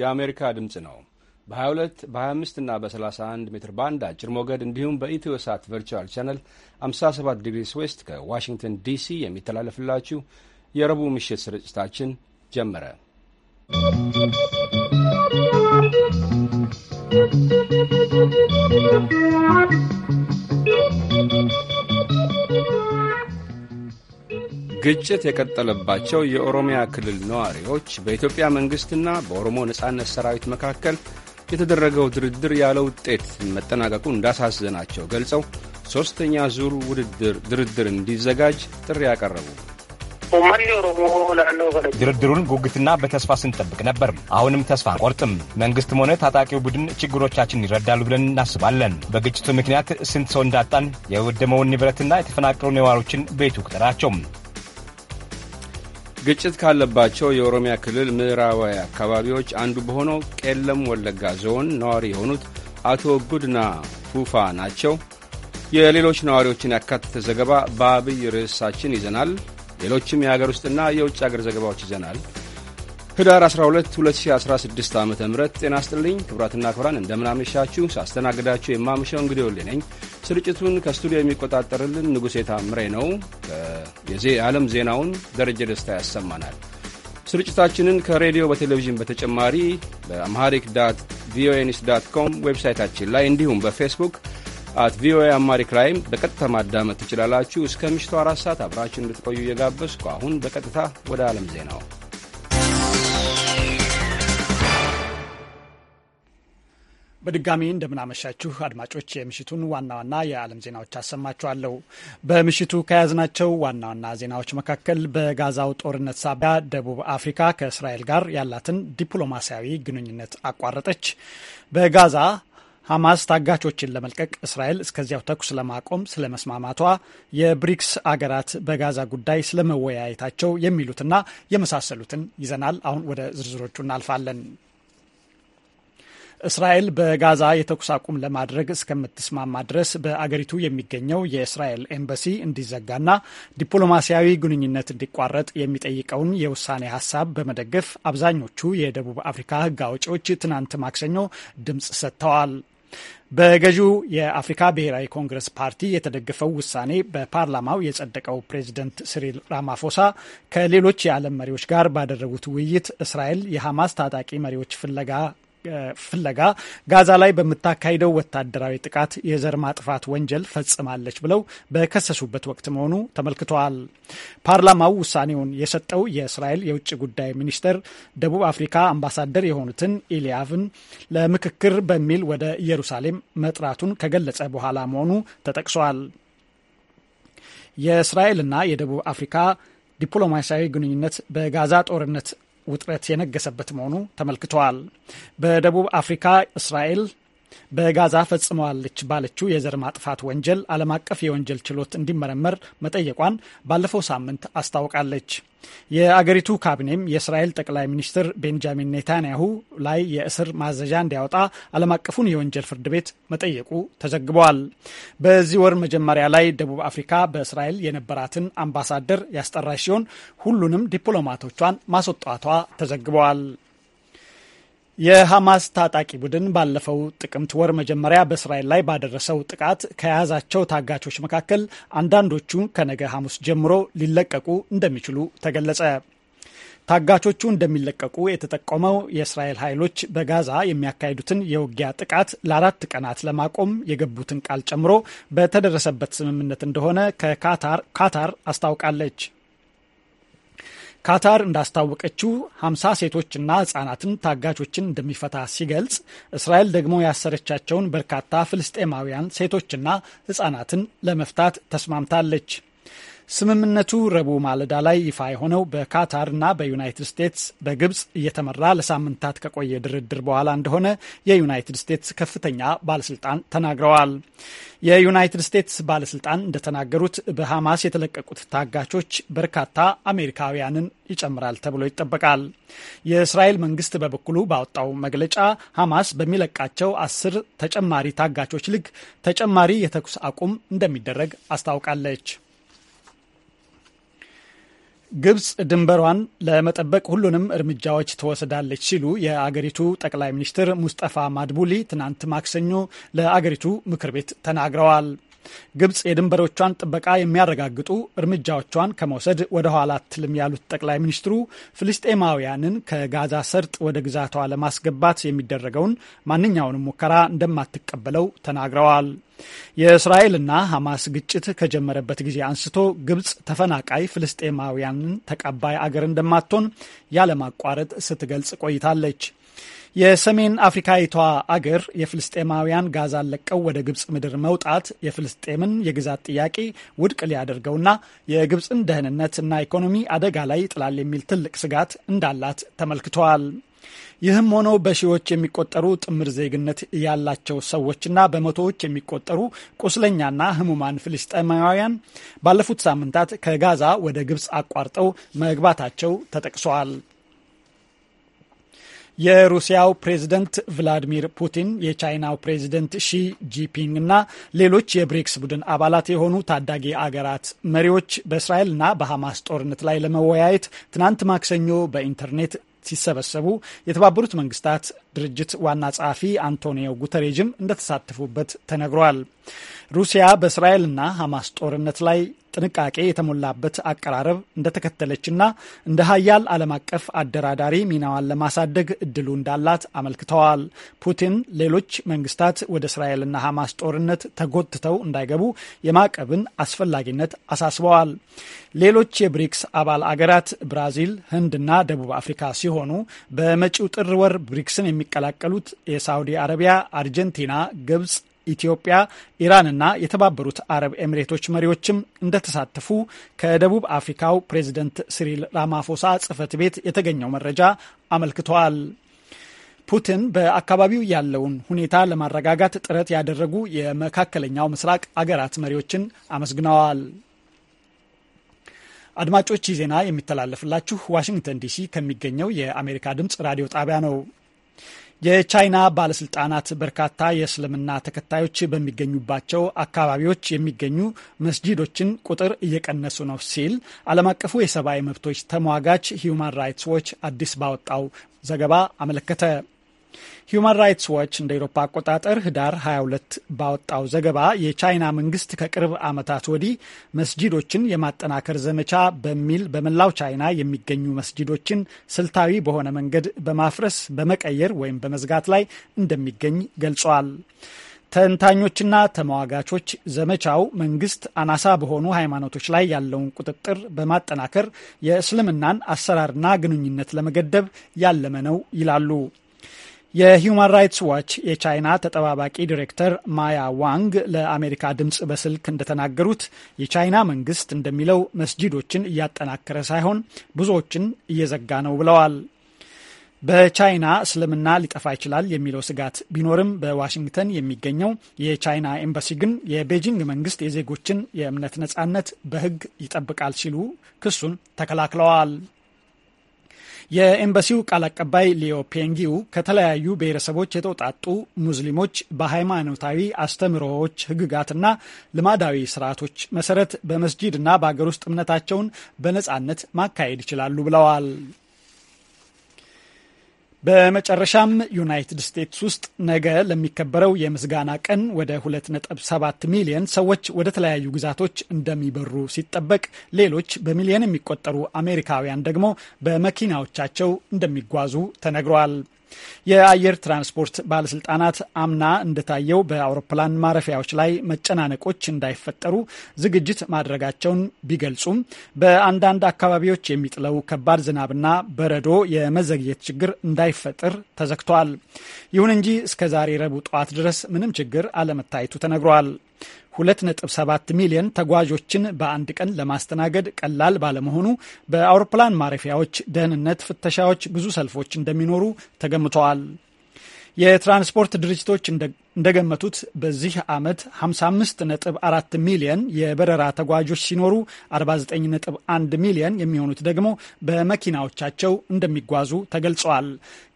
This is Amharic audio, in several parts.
የአሜሪካ ድምፅ ነው። በ22 በ25 እና በ31 ሜትር ባንድ አጭር ሞገድ እንዲሁም በኢትዮ ሳት ቨርቹዋል ቻነል 57 ዲግሪስ ዌስት ከዋሽንግተን ዲሲ የሚተላለፍላችሁ የረቡዕ ምሽት ስርጭታችን ጀመረ። ¶¶ ግጭት የቀጠለባቸው የኦሮሚያ ክልል ነዋሪዎች በኢትዮጵያ መንግሥትና በኦሮሞ ነጻነት ሰራዊት መካከል የተደረገው ድርድር ያለ ውጤት መጠናቀቁ እንዳሳዘናቸው ገልጸው ሦስተኛ ዙር ውድድር ድርድር እንዲዘጋጅ ጥሪ ያቀረቡ ድርድሩን ጉጉትና በተስፋ ስንጠብቅ ነበር። አሁንም ተስፋ አንቆርጥም። መንግስትም ሆነ ታጣቂው ቡድን ችግሮቻችን ይረዳሉ ብለን እናስባለን። በግጭቱ ምክንያት ስንት ሰው እንዳጣን የወደመውን ንብረትና የተፈናቀሉ ነዋሪዎችን ቤቱ ቅጠራቸው ግጭት ካለባቸው የኦሮሚያ ክልል ምዕራባዊ አካባቢዎች አንዱ በሆነው ቄለም ወለጋ ዞን ነዋሪ የሆኑት አቶ ጉድና ፉፋ ናቸው። የሌሎች ነዋሪዎችን ያካተተ ዘገባ በአብይ ርዕሳችን ይዘናል። ሌሎችም የሀገር ውስጥና የውጭ አገር ዘገባዎች ይዘናል። ህዳር 12 2016 ዓ ም ጤና ስጥልኝ ክብራትና ክብራን እንደምናመሻችሁ ሳስተናግዳችሁ የማምሻው እንግዲህ ወሌ ነኝ። ስርጭቱን ከስቱዲዮ የሚቆጣጠርልን ንጉሴ ታምሬ ነው። የዓለም ዜናውን ደረጀ ደስታ ያሰማናል። ስርጭታችንን ከሬዲዮ በቴሌቪዥን በተጨማሪ በአምሃሪክ ዳት ቪኦኤ ኒውስ ዳት ኮም ዌብሳይታችን ላይ እንዲሁም በፌስቡክ አት ቪኦኤ አማሪክ ላይም በቀጥታ ማዳመጥ ትችላላችሁ። እስከ ምሽቱ አራት ሰዓት አብራችሁ እንድትቆዩ እየጋበዝኩ አሁን በቀጥታ ወደ ዓለም ዜናው በድጋሚ እንደምናመሻችሁ አድማጮች፣ የምሽቱን ዋና ዋና የዓለም ዜናዎች አሰማችኋለሁ። በምሽቱ ከያዝናቸው ዋና ዋና ዜናዎች መካከል በጋዛው ጦርነት ሳቢያ ደቡብ አፍሪካ ከእስራኤል ጋር ያላትን ዲፕሎማሲያዊ ግንኙነት አቋረጠች፣ በጋዛ ሐማስ ታጋቾችን ለመልቀቅ እስራኤል እስከዚያው ተኩስ ለማቆም ስለ መስማማቷ፣ የብሪክስ አገራት በጋዛ ጉዳይ ስለመወያየታቸው የሚሉትና የመሳሰሉትን ይዘናል። አሁን ወደ ዝርዝሮቹ እናልፋለን። እስራኤል በጋዛ የተኩስ አቁም ለማድረግ እስከምትስማማ ድረስ በአገሪቱ የሚገኘው የእስራኤል ኤምባሲ እንዲዘጋና ዲፕሎማሲያዊ ግንኙነት እንዲቋረጥ የሚጠይቀውን የውሳኔ ሀሳብ በመደገፍ አብዛኞቹ የደቡብ አፍሪካ ሕግ አውጪዎች ትናንት ማክሰኞ ድምፅ ሰጥተዋል። በገዢው የአፍሪካ ብሔራዊ ኮንግረስ ፓርቲ የተደገፈው ውሳኔ በፓርላማው የጸደቀው ፕሬዚደንት ሲሪል ራማፎሳ ከሌሎች የዓለም መሪዎች ጋር ባደረጉት ውይይት እስራኤል የሐማስ ታጣቂ መሪዎች ፍለጋ ፍለጋ ጋዛ ላይ በምታካሂደው ወታደራዊ ጥቃት የዘር ማጥፋት ወንጀል ፈጽማለች ብለው በከሰሱበት ወቅት መሆኑ ተመልክተዋል። ፓርላማው ውሳኔውን የሰጠው የእስራኤል የውጭ ጉዳይ ሚኒስቴር ደቡብ አፍሪካ አምባሳደር የሆኑትን ኢሊያቭን ለምክክር በሚል ወደ ኢየሩሳሌም መጥራቱን ከገለጸ በኋላ መሆኑ ተጠቅሷል። የእስራኤልና የደቡብ አፍሪካ ዲፕሎማሲያዊ ግንኙነት በጋዛ ጦርነት ውጥረት የነገሰበት መሆኑ ተመልክተዋል። በደቡብ አፍሪካ እስራኤል በጋዛ ፈጽመዋለች ባለችው የዘር ማጥፋት ወንጀል ዓለም አቀፍ የወንጀል ችሎት እንዲመረመር መጠየቋን ባለፈው ሳምንት አስታውቃለች። የአገሪቱ ካቢኔም የእስራኤል ጠቅላይ ሚኒስትር ቤንጃሚን ኔታንያሁ ላይ የእስር ማዘዣ እንዲያወጣ ዓለም አቀፉን የወንጀል ፍርድ ቤት መጠየቁ ተዘግበዋል። በዚህ ወር መጀመሪያ ላይ ደቡብ አፍሪካ በእስራኤል የነበራትን አምባሳደር ያስጠራች ሲሆን ሁሉንም ዲፕሎማቶቿን ማስወጣቷ ተዘግበዋል። የሐማስ ታጣቂ ቡድን ባለፈው ጥቅምት ወር መጀመሪያ በእስራኤል ላይ ባደረሰው ጥቃት ከያዛቸው ታጋቾች መካከል አንዳንዶቹ ከነገ ሐሙስ ጀምሮ ሊለቀቁ እንደሚችሉ ተገለጸ። ታጋቾቹ እንደሚለቀቁ የተጠቆመው የእስራኤል ኃይሎች በጋዛ የሚያካሂዱትን የውጊያ ጥቃት ለአራት ቀናት ለማቆም የገቡትን ቃል ጨምሮ በተደረሰበት ስምምነት እንደሆነ ከካታር ካታር አስታውቃለች። ካታር እንዳስታወቀችው 50 ሴቶችና ህጻናትን ታጋቾችን እንደሚፈታ ሲገልጽ እስራኤል ደግሞ ያሰረቻቸውን በርካታ ፍልስጤማውያን ሴቶችና ህጻናትን ለመፍታት ተስማምታለች። ስምምነቱ ረቡዕ ማለዳ ላይ ይፋ የሆነው በካታር እና በዩናይትድ ስቴትስ በግብፅ እየተመራ ለሳምንታት ከቆየ ድርድር በኋላ እንደሆነ የዩናይትድ ስቴትስ ከፍተኛ ባለስልጣን ተናግረዋል። የዩናይትድ ስቴትስ ባለስልጣን እንደተናገሩት በሐማስ የተለቀቁት ታጋቾች በርካታ አሜሪካውያንን ይጨምራል ተብሎ ይጠበቃል። የእስራኤል መንግስት በበኩሉ ባወጣው መግለጫ ሐማስ በሚለቃቸው አስር ተጨማሪ ታጋቾች ልክ ተጨማሪ የተኩስ አቁም እንደሚደረግ አስታውቃለች። ግብፅ ድንበሯን ለመጠበቅ ሁሉንም እርምጃዎች ትወስዳለች ሲሉ የአገሪቱ ጠቅላይ ሚኒስትር ሙስጠፋ ማድቡሊ ትናንት ማክሰኞ ለአገሪቱ ምክር ቤት ተናግረዋል። ግብፅ የድንበሮቿን ጥበቃ የሚያረጋግጡ እርምጃዎቿን ከመውሰድ ወደ ኋላ አትልም ያሉት ጠቅላይ ሚኒስትሩ ፍልስጤማውያንን ከጋዛ ሰርጥ ወደ ግዛቷ ለማስገባት የሚደረገውን ማንኛውንም ሙከራ እንደማትቀበለው ተናግረዋል። የእስራኤልና ሐማስ ግጭት ከጀመረበት ጊዜ አንስቶ ግብጽ ተፈናቃይ ፍልስጤማውያንን ተቀባይ አገር እንደማትሆን ያለማቋረጥ ስትገልጽ ቆይታለች። የሰሜን አፍሪካዊቷ አገር የፍልስጤማውያን ጋዛን ለቀው ወደ ግብጽ ምድር መውጣት የፍልስጤምን የግዛት ጥያቄ ውድቅ ሊያደርገውና የግብጽን ደህንነት እና ኢኮኖሚ አደጋ ላይ ይጥላል የሚል ትልቅ ስጋት እንዳላት ተመልክተዋል። ይህም ሆኖ በሺዎች የሚቆጠሩ ጥምር ዜግነት ያላቸው ሰዎችና በመቶዎች የሚቆጠሩ ቁስለኛና ህሙማን ፍልስጤማውያን ባለፉት ሳምንታት ከጋዛ ወደ ግብፅ አቋርጠው መግባታቸው ተጠቅሷል። የሩሲያው ፕሬዝደንት ቭላዲሚር ፑቲን የቻይናው ፕሬዝደንት ሺ ጂፒንግ እና ሌሎች የብሪክስ ቡድን አባላት የሆኑ ታዳጊ አገራት መሪዎች በእስራኤልና በሐማስ ጦርነት ላይ ለመወያየት ትናንት ማክሰኞ በኢንተርኔት ሲሰበሰቡ የተባበሩት መንግስታት ድርጅት ዋና ጸሐፊ አንቶኒዮ ጉተሬጅም እንደተሳተፉበት ተነግሯል። ሩሲያ በእስራኤልና ሐማስ ጦርነት ላይ ጥንቃቄ የተሞላበት አቀራረብ እንደተከተለችና እንደ ሀያል ዓለም አቀፍ አደራዳሪ ሚናዋን ለማሳደግ እድሉ እንዳላት አመልክተዋል። ፑቲን ሌሎች መንግስታት ወደ እስራኤልና ሐማስ ጦርነት ተጎትተው እንዳይገቡ የማዕቀብን አስፈላጊነት አሳስበዋል። ሌሎች የብሪክስ አባል አገራት ብራዚል፣ ህንድና ደቡብ አፍሪካ ሲሆኑ በመጪው ጥር ወር ብሪክስን የሚቀላቀሉት የሳውዲ አረቢያ፣ አርጀንቲና፣ ግብጽ ኢትዮጵያ፣ ኢራንና የተባበሩት አረብ ኤሚሬቶች መሪዎችም እንደተሳተፉ ከደቡብ አፍሪካው ፕሬዚደንት ሲሪል ራማፎሳ ጽህፈት ቤት የተገኘው መረጃ አመልክተዋል። ፑቲን በአካባቢው ያለውን ሁኔታ ለማረጋጋት ጥረት ያደረጉ የመካከለኛው ምስራቅ አገራት መሪዎችን አመስግነዋል። አድማጮች ይህ ዜና የሚተላለፍላችሁ ዋሽንግተን ዲሲ ከሚገኘው የአሜሪካ ድምፅ ራዲዮ ጣቢያ ነው። የቻይና ባለስልጣናት በርካታ የእስልምና ተከታዮች በሚገኙባቸው አካባቢዎች የሚገኙ መስጂዶችን ቁጥር እየቀነሱ ነው ሲል ዓለም አቀፉ የሰብአዊ መብቶች ተሟጋች ሂዩማን ራይትስ ዎች አዲስ ባወጣው ዘገባ አመለከተ። ሂዩማን ራይትስ ዋች እንደ ኤሮፓ አቆጣጠር ህዳር 22 ባወጣው ዘገባ የቻይና መንግስት ከቅርብ ዓመታት ወዲህ መስጂዶችን የማጠናከር ዘመቻ በሚል በመላው ቻይና የሚገኙ መስጂዶችን ስልታዊ በሆነ መንገድ በማፍረስ በመቀየር ወይም በመዝጋት ላይ እንደሚገኝ ገልጿል። ተንታኞችና ተመዋጋቾች ዘመቻው መንግስት አናሳ በሆኑ ሃይማኖቶች ላይ ያለውን ቁጥጥር በማጠናከር የእስልምናን አሰራርና ግንኙነት ለመገደብ ያለመ ነው ይላሉ። የሂዩማን ራይትስ ዋች የቻይና ተጠባባቂ ዲሬክተር ማያ ዋንግ ለአሜሪካ ድምፅ በስልክ እንደተናገሩት የቻይና መንግስት እንደሚለው መስጂዶችን እያጠናከረ ሳይሆን ብዙዎችን እየዘጋ ነው ብለዋል። በቻይና እስልምና ሊጠፋ ይችላል የሚለው ስጋት ቢኖርም በዋሽንግተን የሚገኘው የቻይና ኤምባሲ ግን የቤጂንግ መንግስት የዜጎችን የእምነት ነጻነት በሕግ ይጠብቃል ሲሉ ክሱን ተከላክለዋል። የኤምባሲው ቃል አቀባይ ሊዮ ፔንጊው ከተለያዩ ብሔረሰቦች የተውጣጡ ሙስሊሞች በሃይማኖታዊ አስተምህሮዎች፣ ህግጋትና ልማዳዊ ስርዓቶች መሰረት በመስጂድና በአገር ውስጥ እምነታቸውን በነጻነት ማካሄድ ይችላሉ ብለዋል። በመጨረሻም ዩናይትድ ስቴትስ ውስጥ ነገ ለሚከበረው የምስጋና ቀን ወደ 2.7 ሚሊዮን ሰዎች ወደ ተለያዩ ግዛቶች እንደሚበሩ ሲጠበቅ ሌሎች በሚሊዮን የሚቆጠሩ አሜሪካውያን ደግሞ በመኪናዎቻቸው እንደሚጓዙ ተነግሯል። የአየር ትራንስፖርት ባለስልጣናት አምና እንደታየው በአውሮፕላን ማረፊያዎች ላይ መጨናነቆች እንዳይፈጠሩ ዝግጅት ማድረጋቸውን ቢገልጹም በአንዳንድ አካባቢዎች የሚጥለው ከባድ ዝናብና በረዶ የመዘግየት ችግር እንዳይፈጥር ተዘግቷል። ይሁን እንጂ እስከ ዛሬ ረቡዕ ጠዋት ድረስ ምንም ችግር አለመታየቱ ተነግሯል። 2.7 ሚሊዮን ተጓዦችን በአንድ ቀን ለማስተናገድ ቀላል ባለመሆኑ በአውሮፕላን ማረፊያዎች ደህንነት ፍተሻዎች ብዙ ሰልፎች እንደሚኖሩ ተገምተዋል። የትራንስፖርት ድርጅቶች እንደገመቱት በዚህ ዓመት 55.4 ሚሊየን የበረራ ተጓዦች ሲኖሩ 49.1 ሚሊየን የሚሆኑት ደግሞ በመኪናዎቻቸው እንደሚጓዙ ተገልጸዋል።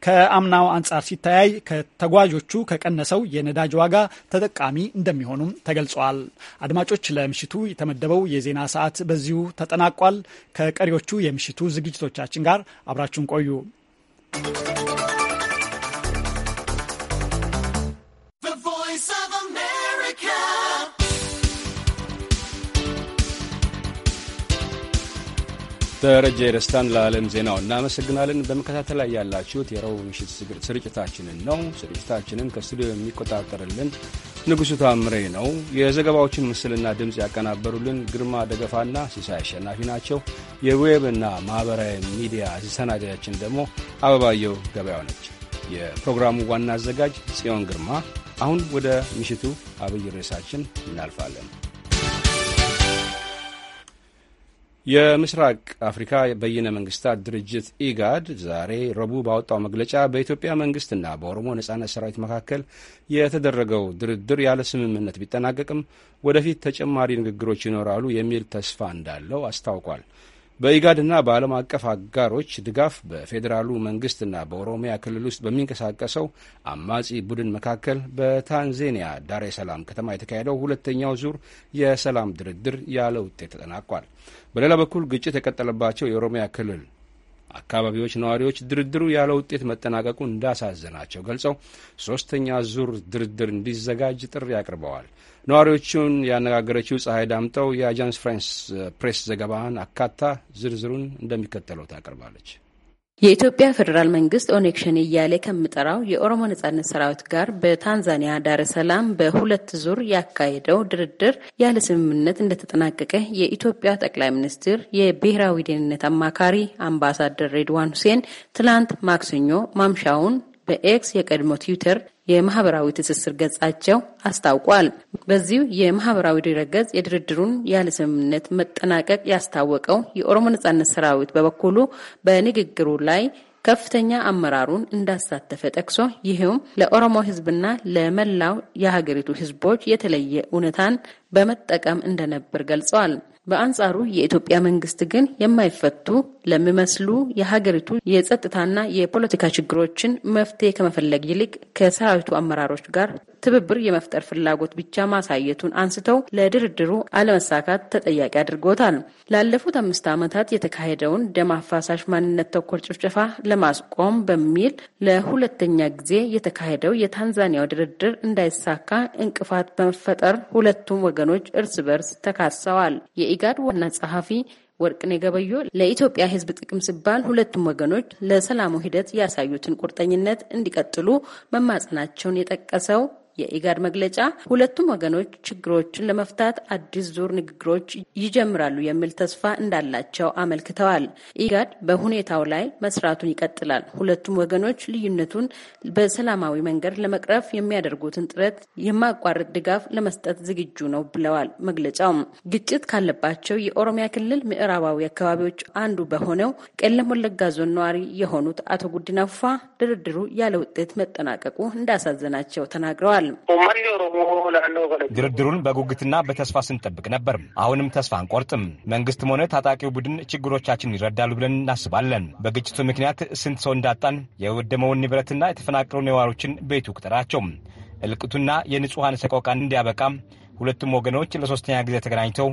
ከአምናው አንጻር ሲተያይ ከተጓዦቹ ከቀነሰው የነዳጅ ዋጋ ተጠቃሚ እንደሚሆኑም ተገልጸዋል። አድማጮች፣ ለምሽቱ የተመደበው የዜና ሰዓት በዚሁ ተጠናቋል። ከቀሪዎቹ የምሽቱ ዝግጅቶቻችን ጋር አብራችሁን ቆዩ። ደረጀ ደስታን ለዓለም ዜናው እናመሰግናለን። በመከታተል ላይ ያላችሁት የረቡዕ ምሽት ስርጭታችንን ነው። ስርጭታችንን ከስቱዲዮ የሚቆጣጠርልን ንጉሡ ታምሬ ነው። የዘገባዎችን ምስልና ድምፅ ያቀናበሩልን ግርማ ደገፋና ሲሳይ አሸናፊ ናቸው። የዌብና ማኅበራዊ ሚዲያ አስተናጋጃችን ደግሞ አበባየው ገበያው ነች። የፕሮግራሙ ዋና አዘጋጅ ጽዮን ግርማ። አሁን ወደ ምሽቱ አብይ ርዕሳችን እናልፋለን። የምስራቅ አፍሪካ በይነ መንግስታት ድርጅት ኢጋድ ዛሬ ረቡዕ ባወጣው መግለጫ በኢትዮጵያ መንግስትና በኦሮሞ ነጻነት ሰራዊት መካከል የተደረገው ድርድር ያለ ስምምነት ቢጠናቀቅም ወደፊት ተጨማሪ ንግግሮች ይኖራሉ የሚል ተስፋ እንዳለው አስታውቋል። በኢጋድና በዓለም አቀፍ አጋሮች ድጋፍ በፌዴራሉ መንግስትና በኦሮሚያ ክልል ውስጥ በሚንቀሳቀሰው አማጺ ቡድን መካከል በታንዜኒያ ዳሬ ሰላም ከተማ የተካሄደው ሁለተኛው ዙር የሰላም ድርድር ያለ ውጤት ተጠናቋል። በሌላ በኩል ግጭት የቀጠለባቸው የኦሮሚያ ክልል አካባቢዎች ነዋሪዎች ድርድሩ ያለ ውጤት መጠናቀቁ እንዳሳዘናቸው ገልጸው ሶስተኛ ዙር ድርድር እንዲዘጋጅ ጥሪ አቅርበዋል። ነዋሪዎቹን ያነጋገረችው ፀሐይ ዳምጠው የአጃንስ ፍራንስ ፕሬስ ዘገባን አካታ ዝርዝሩን እንደሚከተለው ታቀርባለች። የኢትዮጵያ ፌዴራል መንግስት ኦነግ ሸኔ እያለ ከምጠራው የኦሮሞ ነጻነት ሰራዊት ጋር በታንዛኒያ ዳረ ሰላም በሁለት ዙር ያካሄደው ድርድር ያለ ስምምነት እንደተጠናቀቀ የኢትዮጵያ ጠቅላይ ሚኒስትር የብሔራዊ ደህንነት አማካሪ አምባሳደር ሬድዋን ሁሴን ትላንት ማክሰኞ ማምሻውን በኤክስ የቀድሞ ትዊተር የማህበራዊ ትስስር ገጻቸው አስታውቋል። በዚሁ የማህበራዊ ድረገጽ የድርድሩን ያለ ስምምነት መጠናቀቅ ያስታወቀው የኦሮሞ ነጻነት ሰራዊት በበኩሉ በንግግሩ ላይ ከፍተኛ አመራሩን እንዳሳተፈ ጠቅሶ ይህም ለኦሮሞ ህዝብና ለመላው የሀገሪቱ ህዝቦች የተለየ እውነታን በመጠቀም እንደነበር ገልጸዋል። በአንጻሩ የኢትዮጵያ መንግስት ግን የማይፈቱ ለሚመስሉ የሀገሪቱ የጸጥታና የፖለቲካ ችግሮችን መፍትሄ ከመፈለግ ይልቅ ከሰራዊቱ አመራሮች ጋር ትብብር የመፍጠር ፍላጎት ብቻ ማሳየቱን አንስተው ለድርድሩ አለመሳካት ተጠያቂ አድርጎታል። ላለፉት አምስት ዓመታት የተካሄደውን ደም አፋሳሽ ማንነት ተኮር ጭፍጨፋ ለማስቆም በሚል ለሁለተኛ ጊዜ የተካሄደው የታንዛኒያው ድርድር እንዳይሳካ እንቅፋት በመፈጠር ሁለቱም ወገኖች እርስ በርስ ተካሰዋል። የኢጋድ ዋና ጸሐፊ ወርቅን ገበዮ ለኢትዮጵያ ሕዝብ ጥቅም ሲባል ሁለቱም ወገኖች ለሰላሙ ሂደት ያሳዩትን ቁርጠኝነት እንዲቀጥሉ መማጸናቸውን የጠቀሰው የኢጋድ መግለጫ ሁለቱም ወገኖች ችግሮችን ለመፍታት አዲስ ዙር ንግግሮች ይጀምራሉ የሚል ተስፋ እንዳላቸው አመልክተዋል። ኢጋድ በሁኔታው ላይ መስራቱን ይቀጥላል። ሁለቱም ወገኖች ልዩነቱን በሰላማዊ መንገድ ለመቅረፍ የሚያደርጉትን ጥረት የማቋረጥ ድጋፍ ለመስጠት ዝግጁ ነው ብለዋል። መግለጫውም ግጭት ካለባቸው የኦሮሚያ ክልል ምዕራባዊ አካባቢዎች አንዱ በሆነው ቄለም ወለጋ ዞን ነዋሪ የሆኑት አቶ ጉዲና ፉፋ ድርድሩ ያለ ውጤት መጠናቀቁ እንዳሳዘናቸው ተናግረዋል። ይገልጻሉ። ድርድሩን በጉጉትና በተስፋ ስንጠብቅ ነበር። አሁንም ተስፋ አንቆርጥም። መንግስትም ሆነ ታጣቂው ቡድን ችግሮቻችን ይረዳሉ ብለን እናስባለን። በግጭቱ ምክንያት ስንት ሰው እንዳጣን፣ የወደመውን ንብረትና የተፈናቀሉ ነዋሪዎችን ቤቱ ቁጠራቸው። እልቅቱና የንጹሐን ሰቆቃን እንዲያበቃም ሁለቱም ወገኖች ለሶስተኛ ጊዜ ተገናኝተው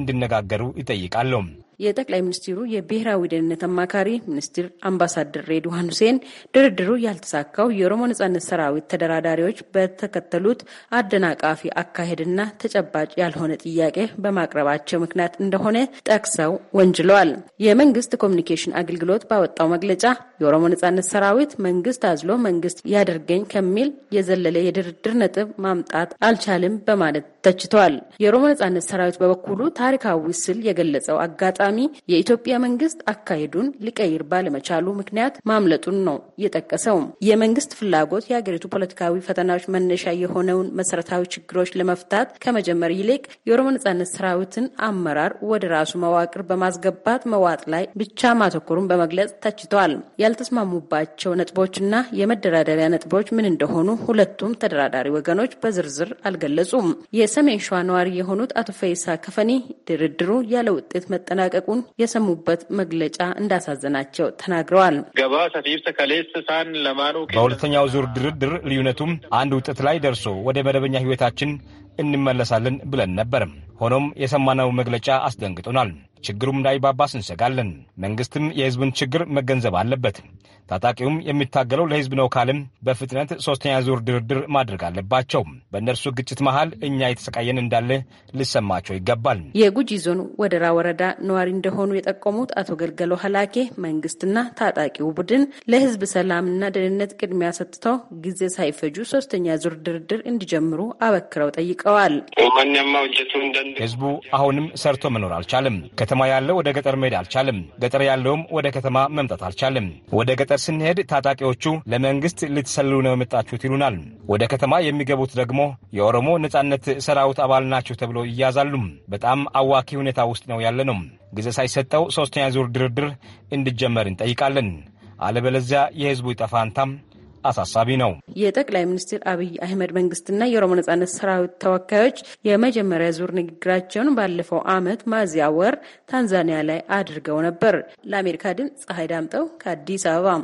እንዲነጋገሩ ይጠይቃለሁ። የጠቅላይ ሚኒስትሩ የብሔራዊ ደህንነት አማካሪ ሚኒስትር አምባሳደር ሬድዋን ሁሴን ድርድሩ ያልተሳካው የኦሮሞ ነጻነት ሰራዊት ተደራዳሪዎች በተከተሉት አደናቃፊ አካሄድና ተጨባጭ ያልሆነ ጥያቄ በማቅረባቸው ምክንያት እንደሆነ ጠቅሰው ወንጅለዋል። የመንግስት ኮሚኒኬሽን አገልግሎት ባወጣው መግለጫ የኦሮሞ ነጻነት ሰራዊት መንግስት አዝሎ መንግስት ያደርገኝ ከሚል የዘለለ የድርድር ነጥብ ማምጣት አልቻልም በማለት ተችተዋል። የኦሮሞ ነጻነት ሰራዊት በበኩሉ ታሪካዊ ስል የገለጸው አጋጣሚ ተጠቃሚ የኢትዮጵያ መንግስት አካሄዱን ሊቀይር ባለመቻሉ ምክንያት ማምለጡን ነው የጠቀሰው። የመንግስት ፍላጎት የሀገሪቱ ፖለቲካዊ ፈተናዎች መነሻ የሆነውን መሰረታዊ ችግሮች ለመፍታት ከመጀመር ይልቅ የኦሮሞ ነጻነት ሰራዊትን አመራር ወደ ራሱ መዋቅር በማስገባት መዋጥ ላይ ብቻ ማተኮሩን በመግለጽ ተችተዋል። ያልተስማሙባቸው ነጥቦችና የመደራደሪያ ነጥቦች ምን እንደሆኑ ሁለቱም ተደራዳሪ ወገኖች በዝርዝር አልገለጹም። የሰሜን ሸዋ ነዋሪ የሆኑት አቶ ፈይሳ ከፈኒ ድርድሩ ያለ ውጤት መጠናቀ መለቀቁን የሰሙበት መግለጫ እንዳሳዘናቸው ተናግረዋል። በሁለተኛው ዙር ድርድር ልዩነቱም አንድ ውጤት ላይ ደርሶ ወደ መደበኛ ህይወታችን እንመለሳለን ብለን ነበርም። ሆኖም የሰማነው መግለጫ አስደንግጦናል። ችግሩም እንዳይባባስ እንሰጋለን። መንግስትም የህዝብን ችግር መገንዘብ አለበት። ታጣቂውም የሚታገለው ለህዝብ ነው ካልም በፍጥነት ሶስተኛ ዙር ድርድር ማድረግ አለባቸው። በእነርሱ ግጭት መሃል እኛ የተሰቃየን እንዳለ ሊሰማቸው ይገባል። የጉጂ ዞን ወደራ ወረዳ ነዋሪ እንደሆኑ የጠቆሙት አቶ ገልገሎ ሀላኬ መንግስትና ታጣቂው ቡድን ለህዝብ ሰላምና ደህንነት ቅድሚያ ሰጥተው ጊዜ ሳይፈጁ ሶስተኛ ዙር ድርድር እንዲጀምሩ አበክረው ጠይቀዋል። ህዝቡ አሁንም ሰርቶ መኖር አልቻለም። ከተማ ያለው ወደ ገጠር መሄድ አልቻለም። ገጠር ያለውም ወደ ከተማ መምጣት አልቻለም። ወደ ገጠር ስንሄድ ታጣቂዎቹ ለመንግስት ልትሰልሉ ነው የመጣችሁት ይሉናል። ወደ ከተማ የሚገቡት ደግሞ የኦሮሞ ነጻነት ሰራዊት አባል ናቸው ተብሎ ይያዛሉ። በጣም አዋኪ ሁኔታ ውስጥ ነው ያለ ነው። ጊዜ ሳይሰጠው ሶስተኛ ዙር ድርድር እንዲጀመር እንጠይቃለን። አለበለዚያ የህዝቡ ይጠፋ አንታም አሳሳቢ ነው። የጠቅላይ ሚኒስትር አብይ አህመድ መንግስትና የኦሮሞ ነጻነት ሰራዊት ተወካዮች የመጀመሪያ ዙር ንግግራቸውን ባለፈው አመት ማዚያ ወር ታንዛኒያ ላይ አድርገው ነበር። ለአሜሪካ ድምፅ ፀሐይ ዳምጠው ከአዲስ አበባ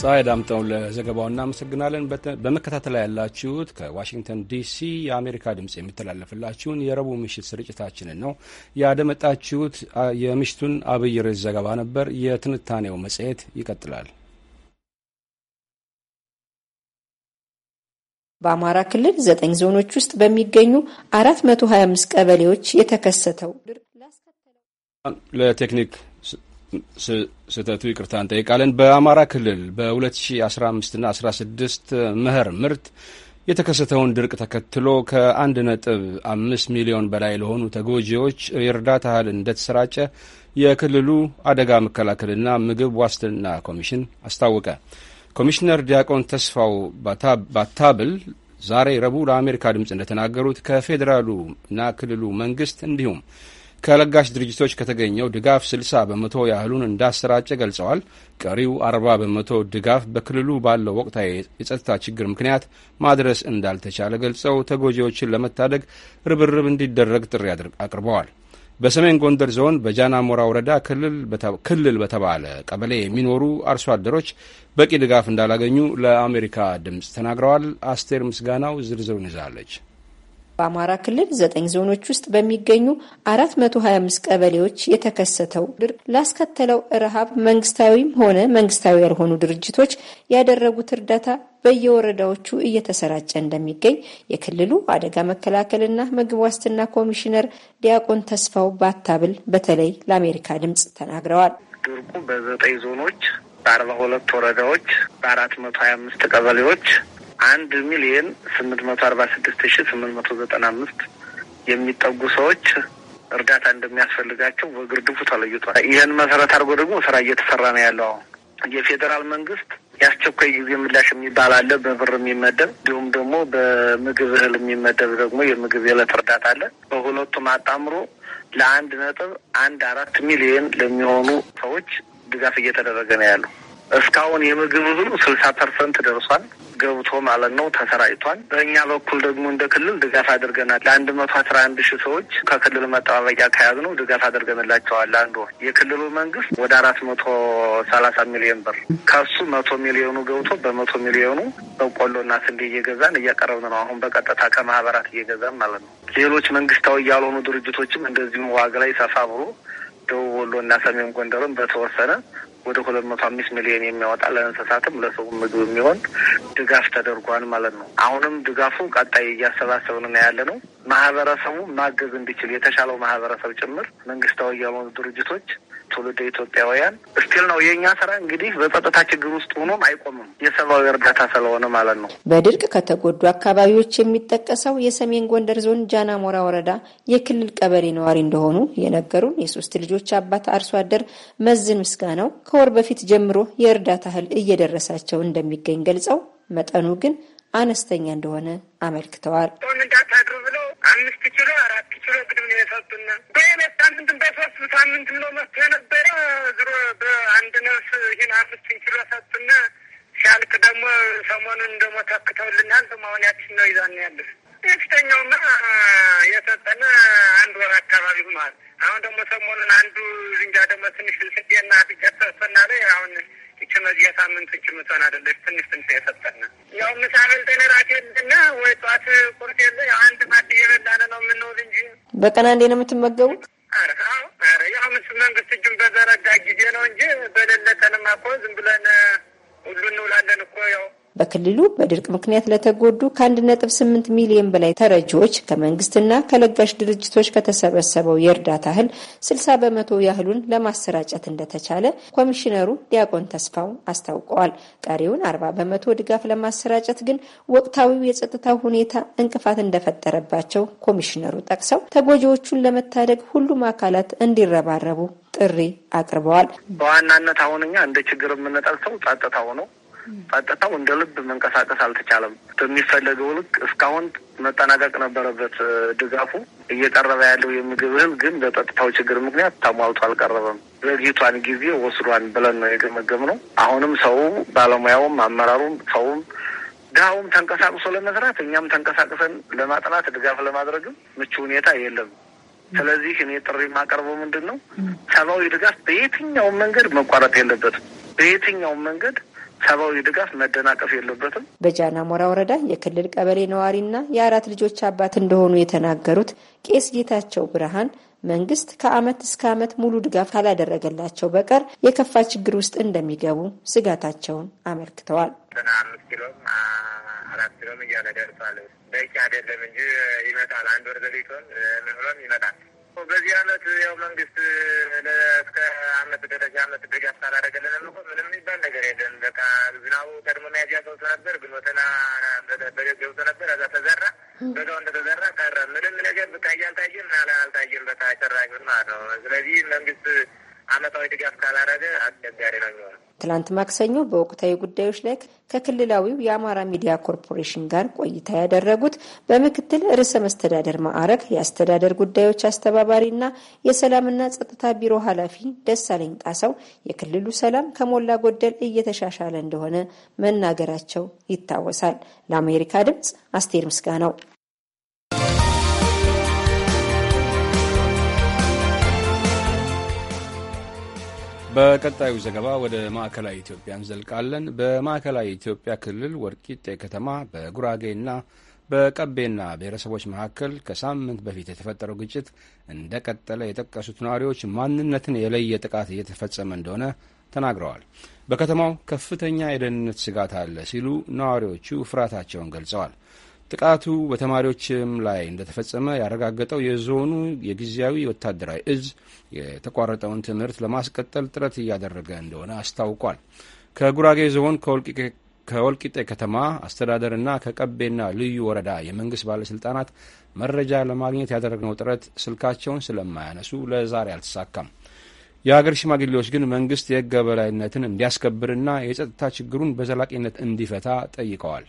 ፀሐይ ዳምጠው ለዘገባው እናመሰግናለን። በመከታተል ላይ ያላችሁት ከዋሽንግተን ዲሲ የአሜሪካ ድምፅ የሚተላለፍላችሁን የረቡዕ ምሽት ስርጭታችንን ነው ያደመጣችሁት። የምሽቱን አብይ ርዕስ ዘገባ ነበር። የትንታኔው መጽሔት ይቀጥላል። በአማራ ክልል ዘጠኝ ዞኖች ውስጥ በሚገኙ 425 ቀበሌዎች የተከሰተው ለቴክኒክ ስህተቱ ይቅርታ እንጠይቃለን። በአማራ ክልል በ2015ና 16 መኸር ምርት የተከሰተውን ድርቅ ተከትሎ ከ1.5 ሚሊዮን በላይ ለሆኑ ተጎጂዎች የእርዳታ እህል እንደተሰራጨ የክልሉ አደጋ መከላከልና ምግብ ዋስትና ኮሚሽን አስታወቀ። ኮሚሽነር ዲያቆን ተስፋው ባታብል ዛሬ ረቡዕ ለአሜሪካ ድምፅ እንደተናገሩት ከፌዴራሉ ክልሉ መንግስት እንዲሁም ከለጋሽ ድርጅቶች ከተገኘው ድጋፍ 60 በመቶ ያህሉን እንዳሰራጨ ገልጸዋል። ቀሪው 40 በመቶ ድጋፍ በክልሉ ባለው ወቅታዊ የጸጥታ ችግር ምክንያት ማድረስ እንዳልተቻለ ገልጸው ተጎጂዎችን ለመታደግ ርብርብ እንዲደረግ ጥሪ አቅርበዋል። በሰሜን ጎንደር ዞን በጃናሞራ ወረዳ ክልል በተባለ ቀበሌ የሚኖሩ አርሶ አደሮች በቂ ድጋፍ እንዳላገኙ ለአሜሪካ ድምፅ ተናግረዋል። አስቴር ምስጋናው ዝርዝሩን ይዛለች። በአማራ ክልል ዘጠኝ ዞኖች ውስጥ በሚገኙ 425 ቀበሌዎች የተከሰተው ድርቅ ላስከተለው ረሃብ መንግስታዊም ሆነ መንግስታዊ ያልሆኑ ድርጅቶች ያደረጉት እርዳታ በየወረዳዎቹ እየተሰራጨ እንደሚገኝ የክልሉ አደጋ መከላከልና ምግብ ዋስትና ኮሚሽነር ዲያቆን ተስፋው ባታብል በተለይ ለአሜሪካ ድምፅ ተናግረዋል። ድርቁ በዘጠኝ ዞኖች በአርባ ሁለት ወረዳዎች በአራት መቶ ሀያ አምስት ቀበሌዎች አንድ ሚሊየን ስምንት መቶ አርባ ስድስት ሺ ስምንት መቶ ዘጠና አምስት የሚጠጉ ሰዎች እርዳታ እንደሚያስፈልጋቸው በግርድፉ ተለይቷል። ይህን መሰረት አድርጎ ደግሞ ስራ እየተሰራ ነው ያለው። አሁን የፌዴራል መንግስት የአስቸኳይ ጊዜ ምላሽ የሚባል አለ፣ በብር የሚመደብ እንዲሁም ደግሞ በምግብ እህል የሚመደብ ደግሞ የምግብ የዕለት እርዳታ አለ። በሁለቱም አጣምሮ ለአንድ ነጥብ አንድ አራት ሚሊየን ለሚሆኑ ሰዎች ድጋፍ እየተደረገ ነው ያለው። እስካሁን የምግብ እህሉ ስልሳ ፐርሰንት ደርሷል ገብቶ ማለት ነው ተሰራጭቷል። በእኛ በኩል ደግሞ እንደ ክልል ድጋፍ አድርገናል። ለአንድ መቶ አስራ አንድ ሺህ ሰዎች ከክልል መጠባበቂያ ከያዝ ነው ድጋፍ አድርገንላቸዋል። አንዱ የክልሉ መንግስት ወደ አራት መቶ ሰላሳ ሚሊዮን ብር ከሱ መቶ ሚሊዮኑ ገብቶ በመቶ ሚሊዮኑ በቆሎና ስንዴ እየገዛን እያቀረብን ነው። አሁን በቀጥታ ከማህበራት እየገዛን ማለት ነው። ሌሎች መንግስታዊ ያልሆኑ ድርጅቶችም እንደዚሁ ዋግ ላይ ሰፋ ብሎ ደቡብ ወሎ እና ሰሜን ጎንደርም በተወሰነ ወደ ሁለት መቶ አምስት ሚሊዮን የሚያወጣ ለእንስሳትም ለሰው ምግብ የሚሆን ድጋፍ ተደርጓል ማለት ነው። አሁንም ድጋፉ ቀጣይ እያሰባሰብን ነው ያለ ነው። ማህበረሰቡ ማገዝ እንዲችል የተሻለው ማህበረሰብ ጭምር መንግስታዊ ያልሆኑ ድርጅቶች ትውልደ ኢትዮጵያውያን እስቲል ነው የእኛ ስራ እንግዲህ በጸጥታ ችግር ውስጥ ሆኖም አይቆምም። የሰብአዊ እርዳታ ስለሆነ ማለት ነው። በድርቅ ከተጎዱ አካባቢዎች የሚጠቀሰው የሰሜን ጎንደር ዞን ጃናሞራ ወረዳ የክልል ቀበሌ ነዋሪ እንደሆኑ የነገሩን የሶስት ልጆች አባት አርሶ አደር መዝን ምስጋናው ከወር በፊት ጀምሮ የእርዳታ እህል እየደረሳቸው እንደሚገኝ ገልጸው መጠኑ ግን አነስተኛ እንደሆነ አመልክተዋል። አምስት ኪሎ አራት ኪሎ ግድም ነው የሰጡና በሁለት ሳምንት በሶስት ሳምንት መጥቶ የነበረ ዝሮ በአንድ ነፍስ ይህን አምስት ኪሎ ሰጡና ሲያልቅ ደግሞ ሰሞኑን ነው ይዛን ያለ የሰጠነ አንድ ወር አካባቢ አሁን ደግሞ ሰሞኑን አንዱ ዝንጃ ደግሞ ትንሽ ስዴና ላይ አሁን እች የሳምንት ሳምንት እች አደለች ትንሽ ትንሽ የሰጠነ ያው ምሳ በልተን እራት የለና ወይ ጠዋት ቁርስ የለ አንድ ማድ እየበላን ነው የምንውል እንጂ በቀን አንዴ ነው የምትመገቡት? አረ አዎ፣ ኧረ ያው ምስ መንግስት እጁን በዘረጋ ጊዜ ነው እንጂ በሌለ ቀንማ እኮ ዝም ብለን ሁሉ እንውላለን እኮ ያው በክልሉ በድርቅ ምክንያት ለተጎዱ ከ1.8 ሚሊዮን በላይ ተረጂዎች ከመንግስትና ከለጋሽ ድርጅቶች ከተሰበሰበው የእርዳታ እህል 60 በመቶ ያህሉን ለማሰራጨት እንደተቻለ ኮሚሽነሩ ዲያቆን ተስፋው አስታውቀዋል። ቀሪውን 40 በመቶ ድጋፍ ለማሰራጨት ግን ወቅታዊው የጸጥታ ሁኔታ እንቅፋት እንደፈጠረባቸው ኮሚሽነሩ ጠቅሰው ተጎጂዎቹን ለመታደግ ሁሉም አካላት እንዲረባረቡ ጥሪ አቅርበዋል። በዋናነት አሁን እኛ እንደ ችግር የምንጠልሰው ጸጥታው ነው። ጸጥታው እንደ ልብ መንቀሳቀስ አልተቻለም። በሚፈለገው ልክ እስካሁን መጠናቀቅ ነበረበት። ድጋፉ እየቀረበ ያለው የምግብ እህል ግን በጸጥታው ችግር ምክንያት ተሟልቶ አልቀረበም። ዘግይቷን ጊዜ ወስዷን ብለን ነው የገመገም ነው። አሁንም ሰው ባለሙያውም፣ አመራሩም፣ ሰውም ድሃውም ተንቀሳቅሶ ለመስራት እኛም ተንቀሳቅሰን ለማጥናት ድጋፍ ለማድረግም ምቹ ሁኔታ የለም። ስለዚህ እኔ ጥሪ የማቀርበው ምንድን ነው ሰብአዊ ድጋፍ በየትኛውም መንገድ መቋረጥ የለበትም። በየትኛውም መንገድ ሰብአዊ ድጋፍ መደናቀፍ የለበትም። በጃና ሞራ ወረዳ የክልል ቀበሌ ነዋሪና የአራት ልጆች አባት እንደሆኑ የተናገሩት ቄስ ጌታቸው ብርሃን መንግስት ከአመት እስከ አመት ሙሉ ድጋፍ ካላደረገላቸው በቀር የከፋ ችግር ውስጥ እንደሚገቡ ስጋታቸውን አመልክተዋል። ዘጠና አምስት አራት ኪሎም እያለ ደርሷል። በቂ አይደለም እንጂ ይመጣል። አንድ ወር ዘሊቶን ምን ይመጣል በዚህ አመት ያው መንግስት እስከ አመት ደረጃ አመት ደረጃ ስላላደረገልን እኮ ምንም የሚባል ነገር የለም። በቃ ዝናቡ ቀድሞ ሚያዝያ ሰውቶ ነበር፣ ግንቦትና በደግ ገብቶ ነበር። እዛ ተዘራ፣ በዛው እንደተዘራ ቀረ። ምንም ነገር በቃ እያልታየም አልታየም። በቃ ጨራሽ ማለት ነው። ስለዚህ መንግስት አመታዊ ድጋፍ ካላረገ አስቸጋሪ ነው የሚሆነው። ትላንት ማክሰኞ በወቅታዊ ጉዳዮች ላይ ከክልላዊው የአማራ ሚዲያ ኮርፖሬሽን ጋር ቆይታ ያደረጉት በምክትል ርዕሰ መስተዳደር ማዕረግ የአስተዳደር ጉዳዮች አስተባባሪና የሰላምና ጸጥታ ቢሮ ኃላፊ ደሳለኝ ጣሰው የክልሉ ሰላም ከሞላ ጎደል እየተሻሻለ እንደሆነ መናገራቸው ይታወሳል። ለአሜሪካ ድምጽ አስቴር ምስጋናው ነው። በቀጣዩ ዘገባ ወደ ማዕከላዊ ኢትዮጵያ እንዘልቃለን። በማዕከላዊ ኢትዮጵያ ክልል ወርቂጤ ከተማ በጉራጌና በቀቤና ብሔረሰቦች መካከል ከሳምንት በፊት የተፈጠረው ግጭት እንደቀጠለ የጠቀሱት ነዋሪዎች ማንነትን የለየ ጥቃት እየተፈጸመ እንደሆነ ተናግረዋል። በከተማው ከፍተኛ የደህንነት ስጋት አለ ሲሉ ነዋሪዎቹ ፍርሃታቸውን ገልጸዋል። ጥቃቱ በተማሪዎችም ላይ እንደተፈጸመ ያረጋገጠው የዞኑ የጊዜያዊ ወታደራዊ እዝ የተቋረጠውን ትምህርት ለማስቀጠል ጥረት እያደረገ እንደሆነ አስታውቋል። ከጉራጌ ዞን ከወልቂጤ ከተማ አስተዳደርና ከቀቤና ልዩ ወረዳ የመንግስት ባለስልጣናት መረጃ ለማግኘት ያደረግነው ጥረት ስልካቸውን ስለማያነሱ ለዛሬ አልተሳካም። የሀገር ሽማግሌዎች ግን መንግስት የሕግ የበላይነትን እንዲያስከብርና የጸጥታ ችግሩን በዘላቂነት እንዲፈታ ጠይቀዋል።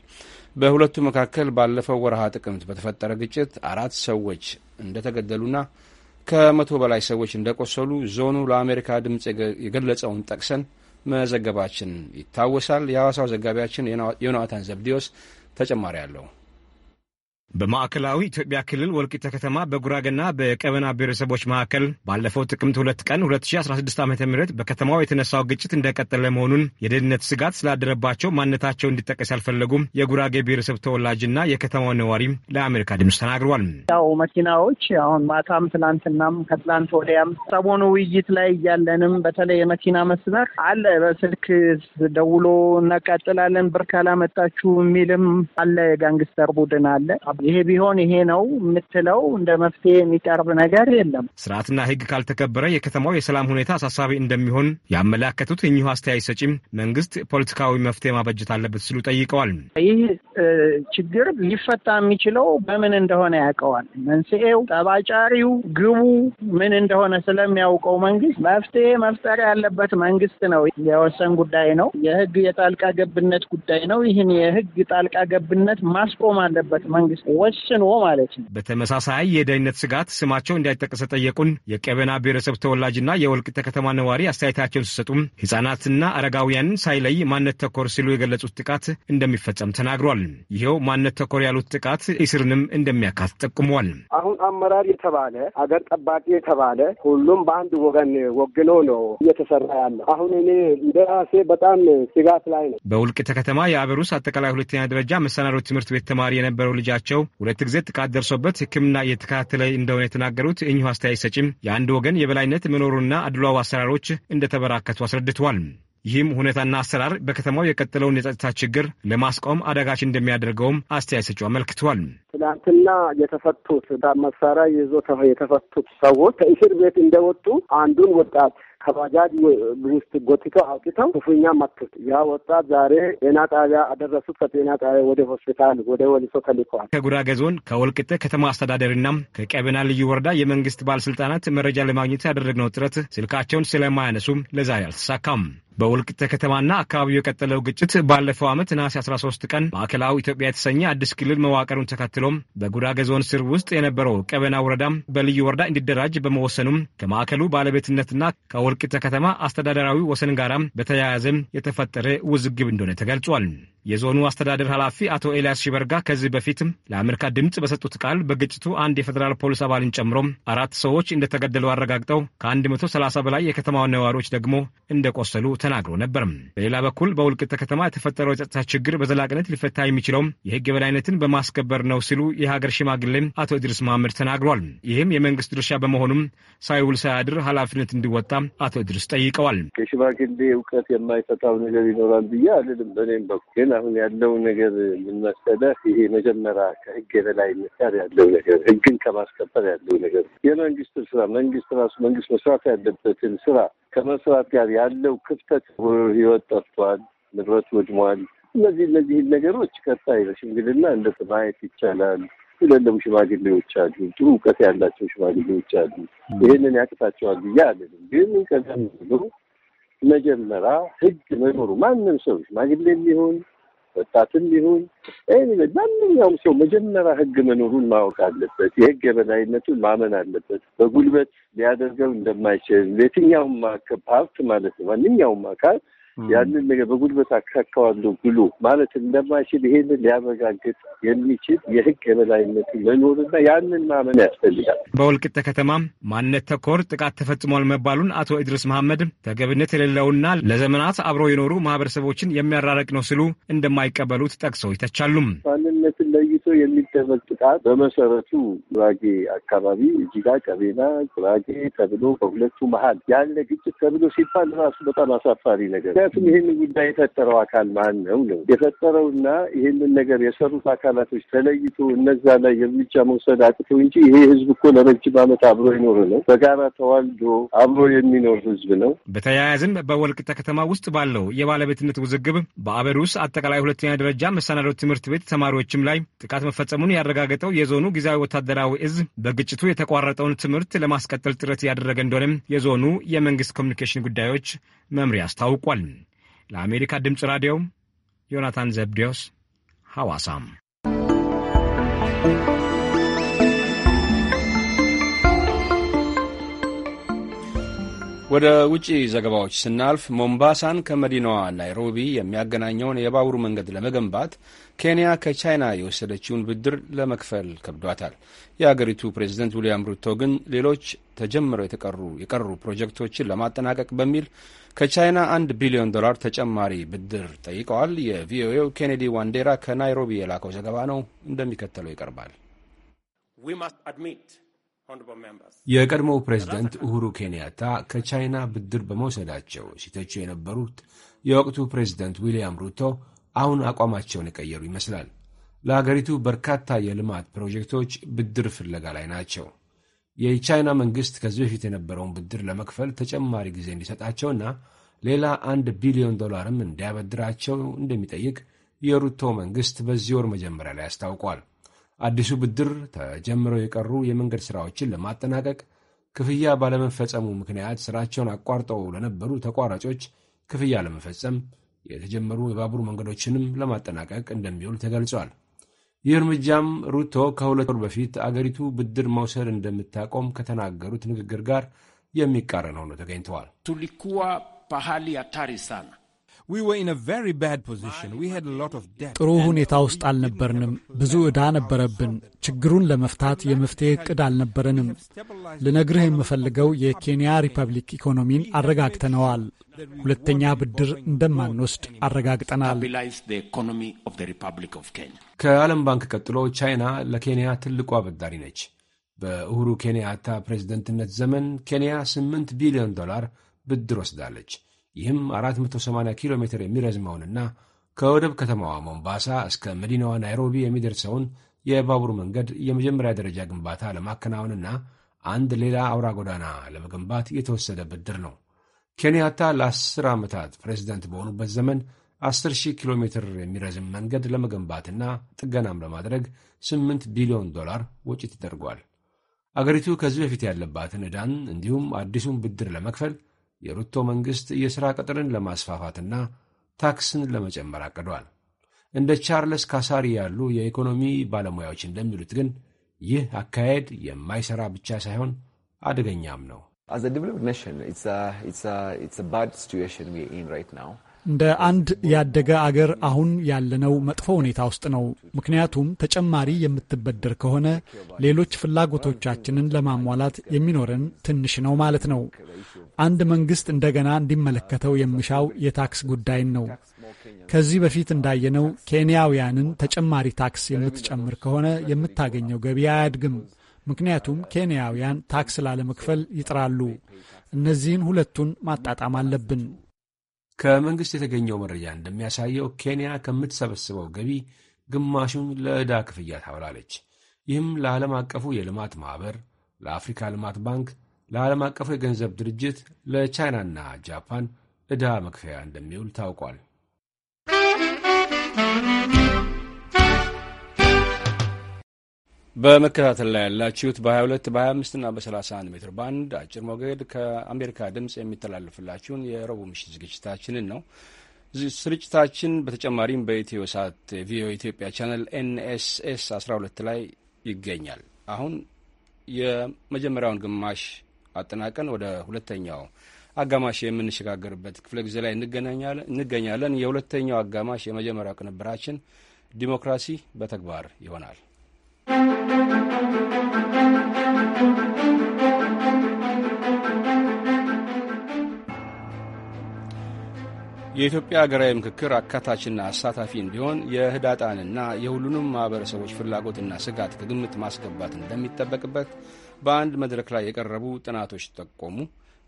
በሁለቱ መካከል ባለፈው ወርሃ ጥቅምት በተፈጠረ ግጭት አራት ሰዎች እንደተገደሉና ከመቶ በላይ ሰዎች እንደቆሰሉ ዞኑ ለአሜሪካ ድምፅ የገለጸውን ጠቅሰን መዘገባችን ይታወሳል። የሐዋሳው ዘጋቢያችን ዮናታን ዘብዲዮስ ተጨማሪ አለው። በማዕከላዊ ኢትዮጵያ ክልል ወልቂተ ከተማ በጉራጌና በቀበና ብሔረሰቦች መካከል ባለፈው ጥቅምት ሁለት ቀን 2016 ዓ ም በከተማው የተነሳው ግጭት እንደቀጠለ መሆኑን የደህንነት ስጋት ስላደረባቸው ማንነታቸው እንዲጠቀስ ያልፈለጉም የጉራጌ ብሔረሰብ ተወላጅና የከተማው ነዋሪ ለአሜሪካ ድምፅ ተናግረዋል። ያው መኪናዎች አሁን ማታም ትናንትናም ከትላንት ወዲያም ሰሞኑ ውይይት ላይ እያለንም በተለይ የመኪና መስመር አለ። በስልክ ደውሎ እናቃጥላለን ብር ካላመጣችሁ የሚልም አለ። የጋንግስተር ቡድን አለ ይሄ ቢሆን ይሄ ነው የምትለው እንደ መፍትሄ የሚቀርብ ነገር የለም። ስርዓትና ህግ ካልተከበረ የከተማው የሰላም ሁኔታ አሳሳቢ እንደሚሆን ያመላከቱት እኚሁ አስተያየት ሰጪም መንግስት ፖለቲካዊ መፍትሄ ማበጀት አለበት ሲሉ ጠይቀዋል። ይህ ችግር ሊፈታ የሚችለው በምን እንደሆነ ያውቀዋል። መንስኤው፣ ጠባጫሪው፣ ግቡ ምን እንደሆነ ስለሚያውቀው መንግስት መፍትሄ መፍጠር ያለበት መንግስት ነው። የወሰን ጉዳይ ነው። የህግ የጣልቃ ገብነት ጉዳይ ነው። ይህን የህግ ጣልቃ ገብነት ማስቆም አለበት መንግስት ወስኖ ማለት ነው። በተመሳሳይ የደህንነት ስጋት ስማቸው እንዳይጠቀሰ ጠየቁን የቀበና ብሔረሰብ ተወላጅና የወልቂጤ ከተማ ነዋሪ አስተያየታቸውን ሲሰጡም ህጻናትና አረጋውያንን ሳይለይ ማንነት ተኮር ሲሉ የገለጹት ጥቃት እንደሚፈጸም ተናግሯል። ይኸው ማንነት ተኮር ያሉት ጥቃት እስርንም እንደሚያካት ጠቁመዋል። አሁን አመራር የተባለ አገር ጠባቂ የተባለ ሁሉም በአንድ ወገን ወግኖ ነው እየተሰራ ያለ። አሁን እኔ እንደራሴ በጣም ስጋት ላይ ነው። በወልቂጤ ከተማ የአበሩስ አጠቃላይ ሁለተኛ ደረጃ መሰናዶ ትምህርት ቤት ተማሪ የነበረው ልጃቸው ተይዞ ሁለት ጊዜ ጥቃት ደርሶበት ሕክምና እየተከታተለ እንደሆነ የተናገሩት እኚሁ አስተያየት ሰጪም የአንድ ወገን የበላይነት መኖሩና አድሏዊ አሰራሮች እንደተበራከቱ አስረድተዋል። ይህም ሁኔታና አሰራር በከተማው የቀጠለውን የጸጥታ ችግር ለማስቆም አዳጋች እንደሚያደርገውም አስተያየት ሰጪው አመልክተዋል። ትናንትና የተፈቱት መሳሪያ ይዞ የተፈቱት ሰዎች ከእስር ቤት እንደወጡ አንዱን ወጣት ከባጃጅ ውስጥ ጎትተው አውጥተው ክፉኛ መቱት። ያ ወጣት ዛሬ ጤና ጣቢያ አደረሱት። ከጤና ጣቢያ ወደ ሆስፒታል ወደ ወሊሶ ተልከዋል። ከጉራጌ ዞን ከወልቅጠ ከተማ አስተዳደርና ከቀበና ልዩ ወረዳ የመንግስት ባለስልጣናት መረጃ ለማግኘት ያደረግነው ጥረት ስልካቸውን ስለማያነሱም ለዛሬ አልተሳካም። በወልቅተ ከተማና አካባቢው የቀጠለው ግጭት ባለፈው ዓመት ነሐሴ 13 ቀን ማዕከላዊ ኢትዮጵያ የተሰኘ አዲስ ክልል መዋቅሩን ተከትሎም በጉራጌ ዞን ስር ውስጥ የነበረው ቀበና ወረዳም በልዩ ወረዳ እንዲደራጅ በመወሰኑም ከማዕከሉ ባለቤትነትና ከወ ከወልቂጤ ከተማ አስተዳደራዊ ወሰን ጋራም በተያያዘም የተፈጠረ ውዝግብ እንደሆነ ተገልጿል። የዞኑ አስተዳደር ኃላፊ አቶ ኤልያስ ሺበርጋ ከዚህ በፊት ለአሜሪካ ድምፅ በሰጡት ቃል በግጭቱ አንድ የፌዴራል ፖሊስ አባልን ጨምሮ አራት ሰዎች እንደተገደሉ አረጋግጠው ከ130 በላይ የከተማው ነዋሪዎች ደግሞ እንደቆሰሉ ተናግሮ ነበር። በሌላ በኩል በወልቂጤ ከተማ የተፈጠረው የጸጥታ ችግር በዘላቂነት ሊፈታ የሚችለው የህግ የበላይነትን በማስከበር ነው ሲሉ የሀገር ሽማግሌ አቶ ኢድሪስ መሐመድ ተናግሯል። ይህም የመንግስት ድርሻ በመሆኑም ሳይውል ሳያድር ኃላፊነት እንዲወጣ አቶ ድርስ ጠይቀዋል። ከሽማግሌ እውቀት የማይፈታው ነገር ይኖራል ብዬ አልልም። በእኔም በኩል ግን አሁን ያለው ነገር የምንመሰለህ ይሄ መጀመሪያ ከህግ የበላይነት ጋር ያለው ነገር ህግን ከማስከበር ያለው ነገር የመንግስትን ስራ መንግስት ራሱ መንግስት መስራት ያለበትን ስራ ከመስራት ጋር ያለው ክፍተት ህይወት ጠፍቷል፣ ንብረት ወድሟል። እነዚህ እነዚህን ነገሮች ቀጣይ በሽምግልና እንደ ማየት ይቻላል የለለሙ ሽማግሌዎች አሉ፣ ጥሩ እውቀት ያላቸው ሽማግሌዎች አሉ። ይህንን ያቅታቸዋል ብዬ አለንም። ግን ቀደም ብሎ መጀመሪያ ህግ መኖሩ ማንም ሰው ሽማግሌም ይሁን ወጣትም ይሁን ማንኛውም ሰው መጀመሪያ ህግ መኖሩን ማወቅ አለበት። የህግ የበላይነቱን ማመን አለበት። በጉልበት ሊያደርገው እንደማይችል የትኛውም ሀብት ማለት ነው ማንኛውም አካል ያንን ነገር በጉልበት አካካዋለሁ ብሎ ማለት እንደማይችል ይሄንን ሊያረጋግጥ የሚችል የህግ የበላይነት መኖርና ያንን ማመን ያስፈልጋል። በወልቅጤ ከተማም ማንነት ተኮር ጥቃት ተፈጽሟል መባሉን አቶ ኢድሪስ መሐመድ ተገቢነት የሌለውና ለዘመናት አብረው የኖሩ ማህበረሰቦችን የሚያራርቅ ነው ሲሉ እንደማይቀበሉት ጠቅሰው ይተቻሉም ማንነትን በእድሜያቸው የሚደረግ ጥቃት በመሰረቱ ጉራጌ አካባቢ እጅጋ፣ ቀቤና፣ ጉራጌ ተብሎ በሁለቱ መሀል ያለ ግጭት ተብሎ ሲባል ራሱ በጣም አሳፋሪ ነገር። ምክንያቱም ይህን ጉዳይ የፈጠረው አካል ማን ነው ነው የፈጠረውና ይህንን ነገር የሰሩት አካላቶች ተለይቶ እነዛ ላይ እርምጃ መውሰድ አቅተው እንጂ ይሄ ህዝብ እኮ ለረጅም ዓመት አብሮ ይኖር ነው። በጋራ ተዋልዶ አብሮ የሚኖር ህዝብ ነው። በተያያዝም በወልቂጤ ከተማ ውስጥ ባለው የባለቤትነት ውዝግብ በአበሩስ አጠቃላይ ሁለተኛ ደረጃ መሰናዶ ትምህርት ቤት ተማሪዎችም ላይ ጥቃት ጥቃት መፈጸሙን ያረጋገጠው የዞኑ ጊዜያዊ ወታደራዊ እዝ በግጭቱ የተቋረጠውን ትምህርት ለማስቀጠል ጥረት እያደረገ እንደሆነም የዞኑ የመንግስት ኮሚኒኬሽን ጉዳዮች መምሪያ አስታውቋል። ለአሜሪካ ድምፅ ራዲዮ ዮናታን ዘብዴዎስ ሐዋሳም ወደ ውጪ ዘገባዎች ስናልፍ ሞምባሳን ከመዲናዋ ናይሮቢ የሚያገናኘውን የባቡር መንገድ ለመገንባት ኬንያ ከቻይና የወሰደችውን ብድር ለመክፈል ከብዷታል። የአገሪቱ ፕሬዝደንት ዊልያም ሩቶ ግን ሌሎች ተጀምረው የተቀሩ የቀሩ ፕሮጀክቶችን ለማጠናቀቅ በሚል ከቻይና አንድ ቢሊዮን ዶላር ተጨማሪ ብድር ጠይቀዋል። የቪኦኤው ኬኔዲ ዋንዴራ ከናይሮቢ የላከው ዘገባ ነው፣ እንደሚከተለው ይቀርባል። የቀድሞው ፕሬዝደንት ኡሁሩ ኬንያታ ከቻይና ብድር በመውሰዳቸው ሲተቹ የነበሩት የወቅቱ ፕሬዝደንት ዊልያም ሩቶ አሁን አቋማቸውን የቀየሩ ይመስላል። ለአገሪቱ በርካታ የልማት ፕሮጀክቶች ብድር ፍለጋ ላይ ናቸው። የቻይና መንግሥት ከዚህ በፊት የነበረውን ብድር ለመክፈል ተጨማሪ ጊዜ እንዲሰጣቸውና ሌላ አንድ ቢሊዮን ዶላርም እንዲያበድራቸው እንደሚጠይቅ የሩቶ መንግሥት በዚህ ወር መጀመሪያ ላይ አስታውቋል። አዲሱ ብድር ተጀምረው የቀሩ የመንገድ ሥራዎችን ለማጠናቀቅ ክፍያ ባለመፈጸሙ ምክንያት ሥራቸውን አቋርጠው ለነበሩ ተቋራጮች ክፍያ ለመፈጸም የተጀመሩ የባቡር መንገዶችንም ለማጠናቀቅ እንደሚውል ተገልጿል። ይህ እርምጃም ሩቶ ከሁለት ወር በፊት አገሪቱ ብድር መውሰድ እንደምታቆም ከተናገሩት ንግግር ጋር የሚቃረን ሆኖ ተገኝተዋል። ቱሊኩዋ ፓሃሊ አታሪ ሳና ጥሩ ሁኔታ ውስጥ አልነበርንም። ብዙ ዕዳ ነበረብን። ችግሩን ለመፍታት የመፍትሄ ዕቅድ አልነበረንም። ልነግርህ የምፈልገው የኬንያ ሪፐብሊክ ኢኮኖሚን አረጋግተነዋል። ሁለተኛ ብድር እንደማንወስድ አረጋግጠናል። ከዓለም ባንክ ቀጥሎ ቻይና ለኬንያ ትልቁ አበዳሪ ነች። በእሁሩ ኬንያታ ፕሬዝደንትነት ዘመን ኬንያ 8 ቢሊዮን ዶላር ብድር ወስዳለች። ይህም 480 ኪሎ ሜትር የሚረዝመውንና ከወደብ ከተማዋ ሞምባሳ እስከ መዲናዋ ናይሮቢ የሚደርሰውን የባቡር መንገድ የመጀመሪያ ደረጃ ግንባታ ለማከናወንና አንድ ሌላ አውራ ጎዳና ለመገንባት የተወሰደ ብድር ነው። ኬንያታ ለአስር ዓመታት ፕሬዚደንት በሆኑበት ዘመን 10,000 ኪሎ ሜትር የሚረዝም መንገድ ለመገንባትና ጥገናም ለማድረግ 8 ቢሊዮን ዶላር ወጪ ተደርጓል። አገሪቱ ከዚህ በፊት ያለባትን ዕዳን እንዲሁም አዲሱን ብድር ለመክፈል የሩቶ መንግሥት የሥራ ቅጥርን ለማስፋፋትና ታክስን ለመጨመር አቅዷል። እንደ ቻርለስ ካሳሪ ያሉ የኢኮኖሚ ባለሙያዎች እንደሚሉት ግን ይህ አካሄድ የማይሠራ ብቻ ሳይሆን አደገኛም ነው። እንደ አንድ ያደገ አገር አሁን ያለነው መጥፎ ሁኔታ ውስጥ ነው። ምክንያቱም ተጨማሪ የምትበደር ከሆነ ሌሎች ፍላጎቶቻችንን ለማሟላት የሚኖረን ትንሽ ነው ማለት ነው። አንድ መንግስት እንደገና እንዲመለከተው የምሻው የታክስ ጉዳይን ነው። ከዚህ በፊት እንዳየነው ኬንያውያንን ተጨማሪ ታክስ የምትጨምር ከሆነ የምታገኘው ገቢ አያድግም። ምክንያቱም ኬንያውያን ታክስ ላለመክፈል ይጥራሉ። እነዚህን ሁለቱን ማጣጣም አለብን። ከመንግስት የተገኘው መረጃ እንደሚያሳየው ኬንያ ከምትሰበስበው ገቢ ግማሹን ለዕዳ ክፍያ ታውላለች። ይህም ለዓለም አቀፉ የልማት ማኅበር፣ ለአፍሪካ ልማት ባንክ፣ ለዓለም አቀፉ የገንዘብ ድርጅት፣ ለቻይናና ጃፓን ዕዳ መክፈያ እንደሚውል ታውቋል። በመከታተል ላይ ያላችሁት በ22 በ25 እና በ31 ሜትር ባንድ አጭር ሞገድ ከአሜሪካ ድምፅ የሚተላለፍላችሁን የረቡዕ ምሽት ዝግጅታችንን ነው። ስርጭታችን በተጨማሪም በኢትዮ ሳት ቪኦኤ ኢትዮጵያ ቻነል ኤንኤስኤስ 12 ላይ ይገኛል። አሁን የመጀመሪያውን ግማሽ አጠናቀን ወደ ሁለተኛው አጋማሽ የምንሸጋገርበት ክፍለ ጊዜ ላይ እንገኛለን። የሁለተኛው አጋማሽ የመጀመሪያው ቅንብራችን ዲሞክራሲ በተግባር ይሆናል። የኢትዮጵያ ሀገራዊ ምክክር አካታችና አሳታፊ እንዲሆን የህዳጣንና የሁሉንም ማኅበረሰቦች ፍላጎትና ስጋት ከግምት ማስገባት እንደሚጠበቅበት በአንድ መድረክ ላይ የቀረቡ ጥናቶች ጠቆሙ።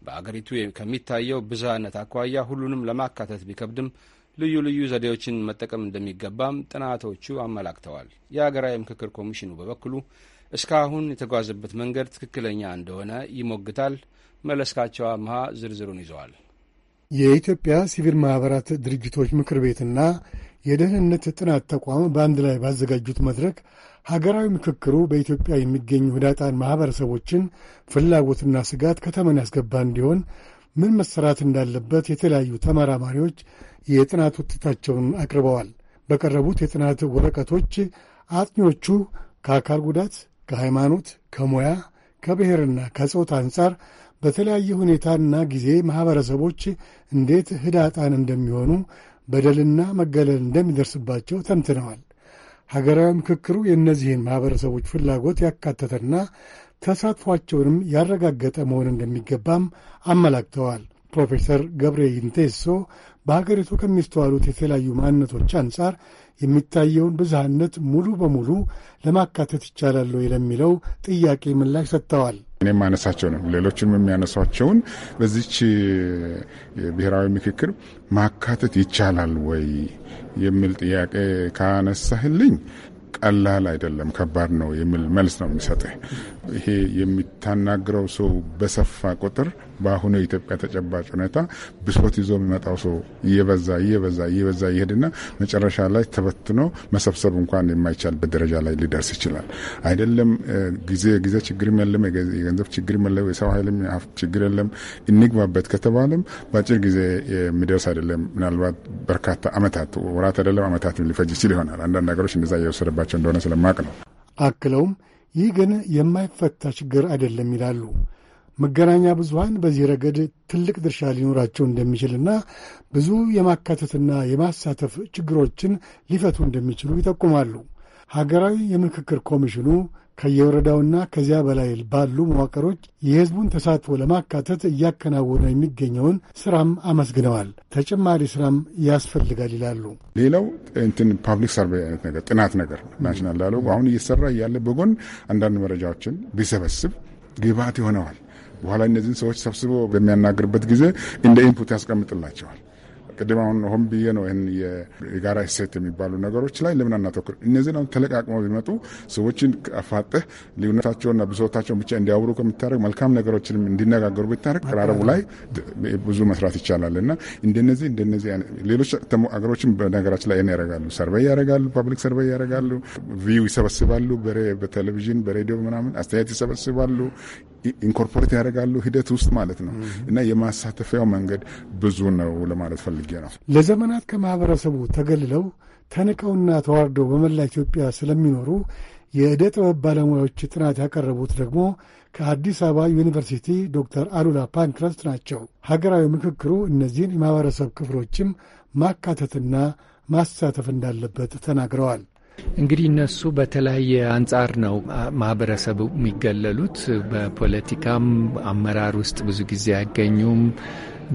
በአገሪቱ ከሚታየው ብዝሃነት አኳያ ሁሉንም ለማካተት ቢከብድም ልዩ ልዩ ዘዴዎችን መጠቀም እንደሚገባም ጥናቶቹ አመላክተዋል። የሀገራዊ ምክክር ኮሚሽኑ በበኩሉ እስካሁን የተጓዘበት መንገድ ትክክለኛ እንደሆነ ይሞግታል። መለስካቸው አምሃ ዝርዝሩን ይዘዋል። የኢትዮጵያ ሲቪል ማኅበራት ድርጅቶች ምክር ቤትና የደህንነት ጥናት ተቋም በአንድ ላይ ባዘጋጁት መድረክ ሀገራዊ ምክክሩ በኢትዮጵያ የሚገኙ ህዳጣን ማኅበረሰቦችን ፍላጎትና ስጋት ከተመን ያስገባ እንዲሆን ምን መሰራት እንዳለበት የተለያዩ ተመራማሪዎች የጥናት ውጤታቸውን አቅርበዋል። በቀረቡት የጥናት ወረቀቶች አጥኚዎቹ ከአካል ጉዳት፣ ከሃይማኖት፣ ከሙያ፣ ከብሔርና ከጾታ አንጻር በተለያየ ሁኔታና ጊዜ ማኅበረሰቦች እንዴት ህዳጣን እንደሚሆኑ በደልና መገለል እንደሚደርስባቸው ተንትነዋል። ሀገራዊ ምክክሩ የእነዚህን ማኅበረሰቦች ፍላጎት ያካተተና ተሳትፏቸውንም ያረጋገጠ መሆን እንደሚገባም አመላክተዋል። ፕሮፌሰር ገብሬ ይንቴሶ በሀገሪቱ ከሚስተዋሉት የተለያዩ ማንነቶች አንጻር የሚታየውን ብዝሃነት ሙሉ በሙሉ ለማካተት ይቻላል ለሚለው ጥያቄ ምላሽ ሰጥተዋል። እኔ ማነሳቸው ነው ሌሎችንም የሚያነሷቸውን በዚች ብሔራዊ ምክክር ማካተት ይቻላል ወይ የሚል ጥያቄ ካነሳህልኝ ቀላል አይደለም፣ ከባድ ነው የሚል መልስ ነው የሚሰጥ። ይሄ የሚታናግረው ሰው በሰፋ ቁጥር በአሁኑ የኢትዮጵያ ተጨባጭ ሁኔታ ብሶት ይዞ የሚመጣው ሰው እየበዛ እየበዛ እየበዛ ይሄድና መጨረሻ ላይ ተበትኖ መሰብሰብ እንኳን የማይቻልበት ደረጃ ላይ ሊደርስ ይችላል። አይደለም ጊዜ ጊዜ ችግር የለም፣ የገንዘብ ችግር የለም፣ የሰው ኃይልም ችግር የለም። እንግባበት ከተባለም በአጭር ጊዜ የሚደርስ አይደለም። ምናልባት በርካታ አመታት ወራት አይደለም አመታት ሊፈጅ ይችል ይሆናል። አንዳንድ ሀገሮች እንደዛ እየወሰደባቸው እንደሆነ ስለማቅ ነው። አክለውም ይህ ግን የማይፈታ ችግር አይደለም ይላሉ። መገናኛ ብዙሃን በዚህ ረገድ ትልቅ ድርሻ ሊኖራቸው እንደሚችልና ብዙ የማካተትና የማሳተፍ ችግሮችን ሊፈቱ እንደሚችሉ ይጠቁማሉ። ሀገራዊ የምክክር ኮሚሽኑ ከየወረዳውና ከዚያ በላይ ባሉ መዋቅሮች የሕዝቡን ተሳትፎ ለማካተት እያከናወነ የሚገኘውን ስራም አመስግነዋል። ተጨማሪ ስራም ያስፈልጋል ይላሉ። ሌላው እንትን ፓብሊክ ሰርቬይ አይነት ነገር ጥናት ነገር ናሽናል ዳያሎግ አሁን እየሰራ እያለ በጎን አንዳንድ መረጃዎችን ቢሰበስብ ግብዓት ይሆነዋል። በኋላ እነዚህን ሰዎች ሰብስቦ በሚያናግርበት ጊዜ እንደ ኢንፑት ያስቀምጥላቸዋል። ቅድም አሁን ሆን ብዬ ነው ይህን የጋራ እሴት የሚባሉ ነገሮች ላይ ለምን አናተኩር? እነዚህን አሁን ተለቃቅመው ቢመጡ ሰዎችን አፋጥህ ልዩነታቸውና ብሶታቸውን ብቻ እንዲያውሩ ከምታደረግ መልካም ነገሮችንም እንዲነጋገሩ ብታደረግ ቀራረቡ ላይ ብዙ መስራት ይቻላል እና እንደነዚህ እንደነዚህ ሌሎች አገሮችም በነገራችን ላይ ይህን ያደርጋሉ። ሰርቬይ ያደርጋሉ፣ ፐብሊክ ሰርቬይ ያደርጋሉ፣ ቪው ይሰበስባሉ፣ በቴሌቪዥን በሬዲዮ ምናምን አስተያየት ይሰበስባሉ። ኢንኮርፖሬት ያደርጋሉ ሂደት ውስጥ ማለት ነው። እና የማሳተፊያው መንገድ ብዙ ነው ለማለት ፈልጌ ነው። ለዘመናት ከማህበረሰቡ ተገልለው ተንቀውና ተዋርደው በመላ ኢትዮጵያ ስለሚኖሩ የእደ ጥበብ ባለሙያዎች ጥናት ያቀረቡት ደግሞ ከአዲስ አበባ ዩኒቨርሲቲ ዶክተር አሉላ ፓንክረስት ናቸው። ሀገራዊ ምክክሩ እነዚህን የማህበረሰብ ክፍሎችም ማካተትና ማሳተፍ እንዳለበት ተናግረዋል። እንግዲህ እነሱ በተለያየ አንጻር ነው ማህበረሰቡ የሚገለሉት። በፖለቲካም አመራር ውስጥ ብዙ ጊዜ አይገኙም።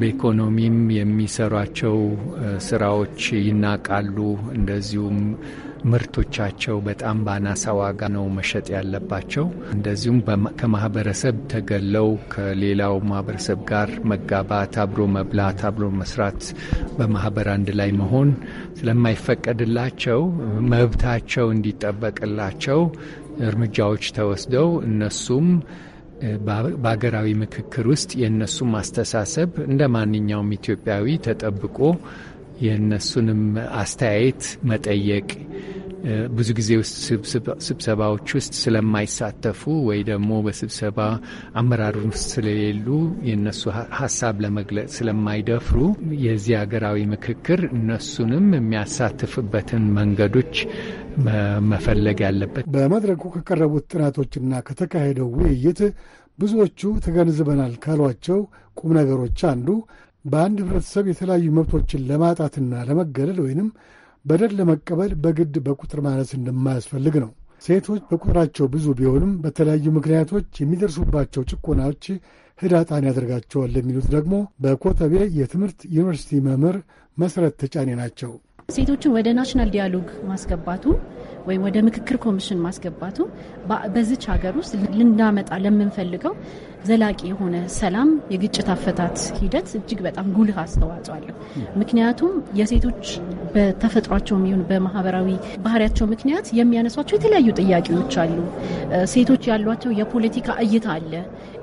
በኢኮኖሚም የሚሰሯቸው ስራዎች ይናቃሉ። እንደዚሁም ምርቶቻቸው በጣም በአናሳ ዋጋ ነው መሸጥ ያለባቸው። እንደዚሁም ከማህበረሰብ ተገለው ከሌላው ማህበረሰብ ጋር መጋባት፣ አብሮ መብላት፣ አብሮ መስራት፣ በማህበር አንድ ላይ መሆን ስለማይፈቀድላቸው መብታቸው እንዲጠበቅላቸው እርምጃዎች ተወስደው እነሱም በሀገራዊ ምክክር ውስጥ የእነሱም አስተሳሰብ እንደ ማንኛውም ኢትዮጵያዊ ተጠብቆ የእነሱንም አስተያየት መጠየቅ ብዙ ጊዜ ውስጥ ስብሰባዎች ውስጥ ስለማይሳተፉ ወይ ደግሞ በስብሰባ አመራር ውስጥ ስለሌሉ የእነሱ ሀሳብ ለመግለጽ ስለማይደፍሩ የዚህ ሀገራዊ ምክክር እነሱንም የሚያሳትፍበትን መንገዶች መፈለግ ያለበት። በመድረኩ ከቀረቡት ጥናቶችና ከተካሄደው ውይይት ብዙዎቹ ተገንዝበናል ካሏቸው ቁም ነገሮች አንዱ በአንድ ህብረተሰብ የተለያዩ መብቶችን ለማጣትና ለመገለል ወይንም በደል ለመቀበል በግድ በቁጥር ማለት እንደማያስፈልግ ነው። ሴቶች በቁጥራቸው ብዙ ቢሆንም በተለያዩ ምክንያቶች የሚደርሱባቸው ጭቆናዎች ህዳጣን ያደርጋቸዋል ለሚሉት ደግሞ በኮተቤ የትምህርት ዩኒቨርሲቲ መምህር መሰረት ተጫኔ ናቸው። ሴቶችን ወደ ናሽናል ዲያሎግ ማስገባቱ ወይም ወደ ምክክር ኮሚሽን ማስገባቱ በዚች ሀገር ውስጥ ልናመጣ ለምንፈልገው ዘላቂ የሆነ ሰላም የግጭት አፈታት ሂደት እጅግ በጣም ጉልህ አስተዋጽኦ አለው። ምክንያቱም የሴቶች በተፈጥሯቸው የሚሆን በማህበራዊ ባህሪያቸው ምክንያት የሚያነሷቸው የተለያዩ ጥያቄዎች አሉ። ሴቶች ያሏቸው የፖለቲካ እይታ አለ።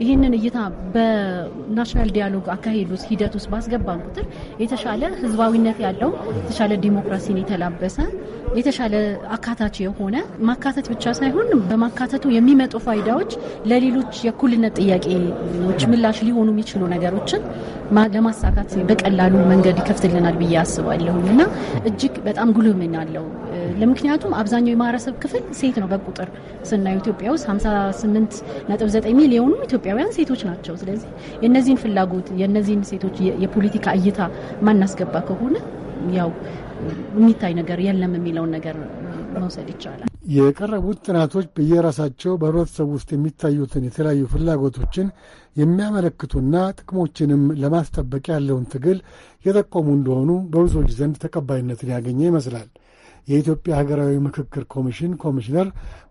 ይህንን እይታ በናሽናል ዲያሎግ አካሄድ ውስጥ ሂደት ውስጥ ባስገባን ቁጥር የተሻለ ህዝባዊነት ያለው የተሻለ ዲሞክራሲን የተላበሰ የተሻለ አካታች የሆነ ማካተት ብቻ ሳይሆን በማካተቱ የሚመጡ ፋይዳዎች ለሌሎች የእኩልነት ጥያቄ ጥያቄዎች ምላሽ ሊሆኑ የሚችሉ ነገሮችን ለማሳካት በቀላሉ መንገድ ይከፍትልናል ብዬ አስባለሁኝ እና እጅግ በጣም ጉልህ ሚና አለው። ለምክንያቱም አብዛኛው የማህበረሰብ ክፍል ሴት ነው። በቁጥር ስናየው ኢትዮጵያ ውስጥ 58 ነጥብ 9 ሚሊዮኑ ኢትዮጵያውያን ሴቶች ናቸው። ስለዚህ የእነዚህን ፍላጎት የእነዚህን ሴቶች የፖለቲካ እይታ ማናስገባ ከሆነ ያው የሚታይ ነገር የለም የሚለውን ነገር መውሰድ ይቻላል። የቀረቡት ጥናቶች በየራሳቸው በህብረተሰብ ውስጥ የሚታዩትን የተለያዩ ፍላጎቶችን የሚያመለክቱና ጥቅሞችንም ለማስጠበቅ ያለውን ትግል የጠቆሙ እንደሆኑ በብዙዎች ዘንድ ተቀባይነትን ያገኘ ይመስላል። የኢትዮጵያ ሀገራዊ ምክክር ኮሚሽን ኮሚሽነር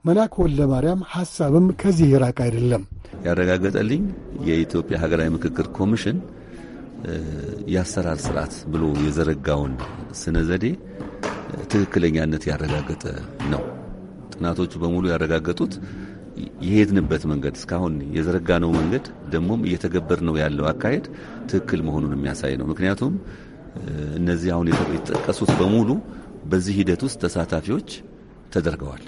መላክ ማርያም ሀሳብም ከዚህ የራቅ አይደለም። ያረጋገጠልኝ የኢትዮጵያ ሀገራዊ ምክክር ኮሚሽን የአሰራር ስርዓት ብሎ የዘረጋውን ስነ ዘዴ ትክክለኛነት ያረጋገጠ ነው። ጥናቶቹ በሙሉ ያረጋገጡት የሄድንበት መንገድ እስካሁን የዘረጋነው መንገድ ደግሞም እየተገበር ነው ያለው አካሄድ ትክክል መሆኑን የሚያሳይ ነው። ምክንያቱም እነዚህ አሁን የተጠቀሱት በሙሉ በዚህ ሂደት ውስጥ ተሳታፊዎች ተደርገዋል፣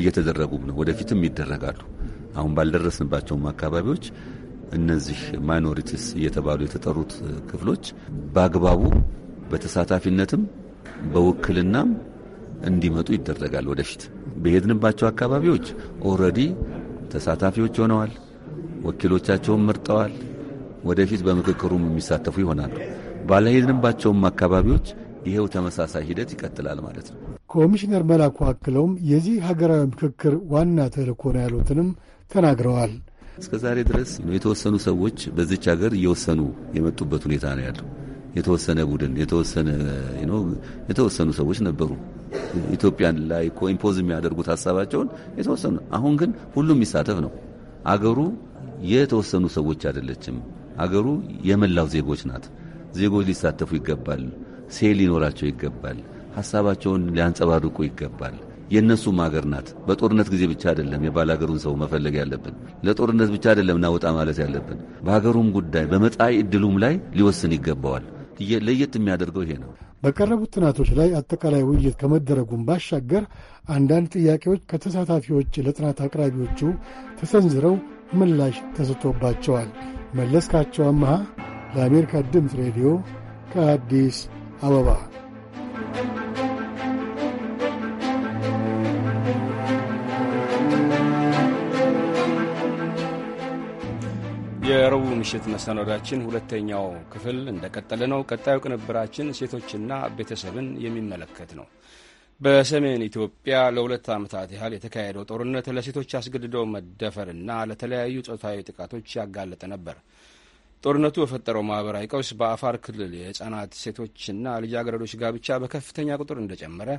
እየተደረጉም ነው፣ ወደፊትም ይደረጋሉ። አሁን ባልደረስንባቸውም አካባቢዎች እነዚህ ማይኖሪቲስ እየተባሉ የተጠሩት ክፍሎች በአግባቡ በተሳታፊነትም በውክልናም እንዲመጡ ይደረጋል ወደፊት በሄድንባቸው አካባቢዎች ኦልሬዲ ተሳታፊዎች ሆነዋል። ወኪሎቻቸውን መርጠዋል። ወደፊት በምክክሩም የሚሳተፉ ይሆናሉ። ባለሄድንባቸውም አካባቢዎች ይሄው ተመሳሳይ ሂደት ይቀጥላል ማለት ነው። ኮሚሽነር መላኩ አክለውም የዚህ ሀገራዊ ምክክር ዋና ተልእኮ ነው ያሉትንም ተናግረዋል። እስከ ዛሬ ድረስ የተወሰኑ ሰዎች በዚች ሀገር እየወሰኑ የመጡበት ሁኔታ ነው ያለው። የተወሰነ ቡድን የተወሰነ የተወሰኑ ሰዎች ነበሩ። ኢትዮጵያን ላይ እኮ ኢምፖዝ የሚያደርጉት ሀሳባቸውን የተወሰኑ። አሁን ግን ሁሉም የሚሳተፍ ነው። አገሩ የተወሰኑ ሰዎች አይደለችም። አገሩ የመላው ዜጎች ናት። ዜጎች ሊሳተፉ ይገባል። ሴል ሊኖራቸው ይገባል። ሀሳባቸውን ሊያንጸባርቁ ይገባል። የእነሱም ሀገር ናት። በጦርነት ጊዜ ብቻ አይደለም የባል ሀገሩን ሰው መፈለግ ያለብን። ለጦርነት ብቻ አይደለም እናውጣ ማለት ያለብን። በሀገሩም ጉዳይ በመጣይ እድሉም ላይ ሊወስን ይገባዋል። ለየት የሚያደርገው ይሄ ነው። በቀረቡት ጥናቶች ላይ አጠቃላይ ውይይት ከመደረጉም ባሻገር አንዳንድ ጥያቄዎች ከተሳታፊዎች ለጥናት አቅራቢዎቹ ተሰንዝረው ምላሽ ተሰጥቶባቸዋል። መለስካቸው አመሃ ለአሜሪካ ድምፅ ሬዲዮ ከአዲስ አበባ የረቡዕ ምሽት መሰናዳችን ሁለተኛው ክፍል እንደቀጠለ ነው። ቀጣዩ ቅንብራችን ሴቶችና ቤተሰብን የሚመለከት ነው። በሰሜን ኢትዮጵያ ለሁለት ዓመታት ያህል የተካሄደው ጦርነት ለሴቶች አስገድደው መደፈርና ለተለያዩ ጾታዊ ጥቃቶች ያጋለጠ ነበር። ጦርነቱ በፈጠረው ማኅበራዊ ቀውስ በአፋር ክልል የሕፃናት ሴቶችና ልጃገረዶች ጋብቻ በከፍተኛ ቁጥር እንደጨመረ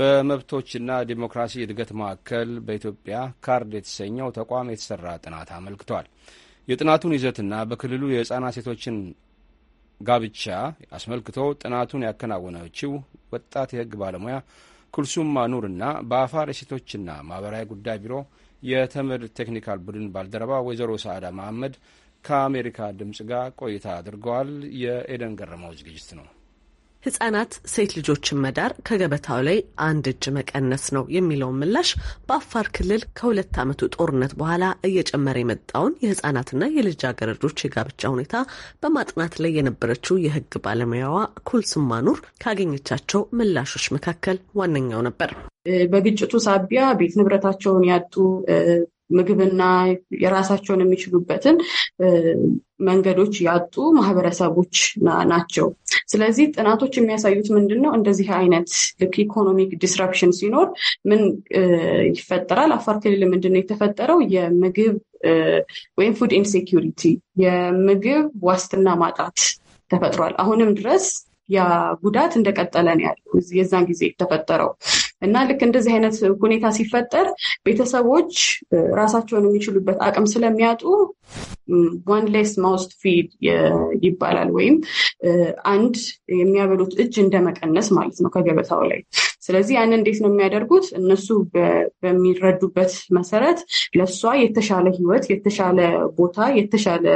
በመብቶችና ዲሞክራሲ እድገት ማዕከል በኢትዮጵያ ካርድ የተሰኘው ተቋም የተሠራ ጥናት አመልክቷል። የጥናቱን ይዘትና በክልሉ የህፃናት ሴቶችን ጋብቻ አስመልክቶ ጥናቱን ያከናወነችው ወጣት የሕግ ባለሙያ ኩልሱም ማኑርና በአፋር የሴቶችና ማህበራዊ ጉዳይ ቢሮ የተመድ ቴክኒካል ቡድን ባልደረባ ወይዘሮ ሳዕዳ መሐመድ ከአሜሪካ ድምፅ ጋር ቆይታ አድርገዋል። የኤደን ገረመው ዝግጅት ነው። ህጻናት ሴት ልጆችን መዳር ከገበታው ላይ አንድ እጅ መቀነስ ነው የሚለውን ምላሽ በአፋር ክልል ከሁለት ዓመቱ ጦርነት በኋላ እየጨመረ የመጣውን የህጻናትና የልጃገረዶች የጋብቻ ሁኔታ በማጥናት ላይ የነበረችው የህግ ባለሙያዋ ኩልስም ማኑር ካገኘቻቸው ምላሾች መካከል ዋነኛው ነበር። በግጭቱ ሳቢያ ቤት ንብረታቸውን ያጡ ምግብና የራሳቸውን የሚችሉበትን መንገዶች ያጡ ማህበረሰቦች ናቸው። ስለዚህ ጥናቶች የሚያሳዩት ምንድን ነው? እንደዚህ አይነት ልክ ኢኮኖሚክ ዲስራፕሽን ሲኖር ምን ይፈጠራል? አፋር ክልል ምንድን ነው የተፈጠረው? የምግብ ወይም ፉድ ኢንሴኪሪቲ የምግብ ዋስትና ማጣት ተፈጥሯል። አሁንም ድረስ ያ ጉዳት እንደቀጠለ ነው ያለው የዛን ጊዜ የተፈጠረው እና ልክ እንደዚህ አይነት ሁኔታ ሲፈጠር ቤተሰቦች ራሳቸውን የሚችሉበት አቅም ስለሚያጡ ዋን ሌስ ማውስት ፊድ ይባላል ወይም አንድ የሚያበሉት እጅ እንደመቀነስ ማለት ነው ከገበታው ላይ። ስለዚህ ያን እንዴት ነው የሚያደርጉት? እነሱ በሚረዱበት መሰረት ለእሷ የተሻለ ህይወት፣ የተሻለ ቦታ፣ የተሻለ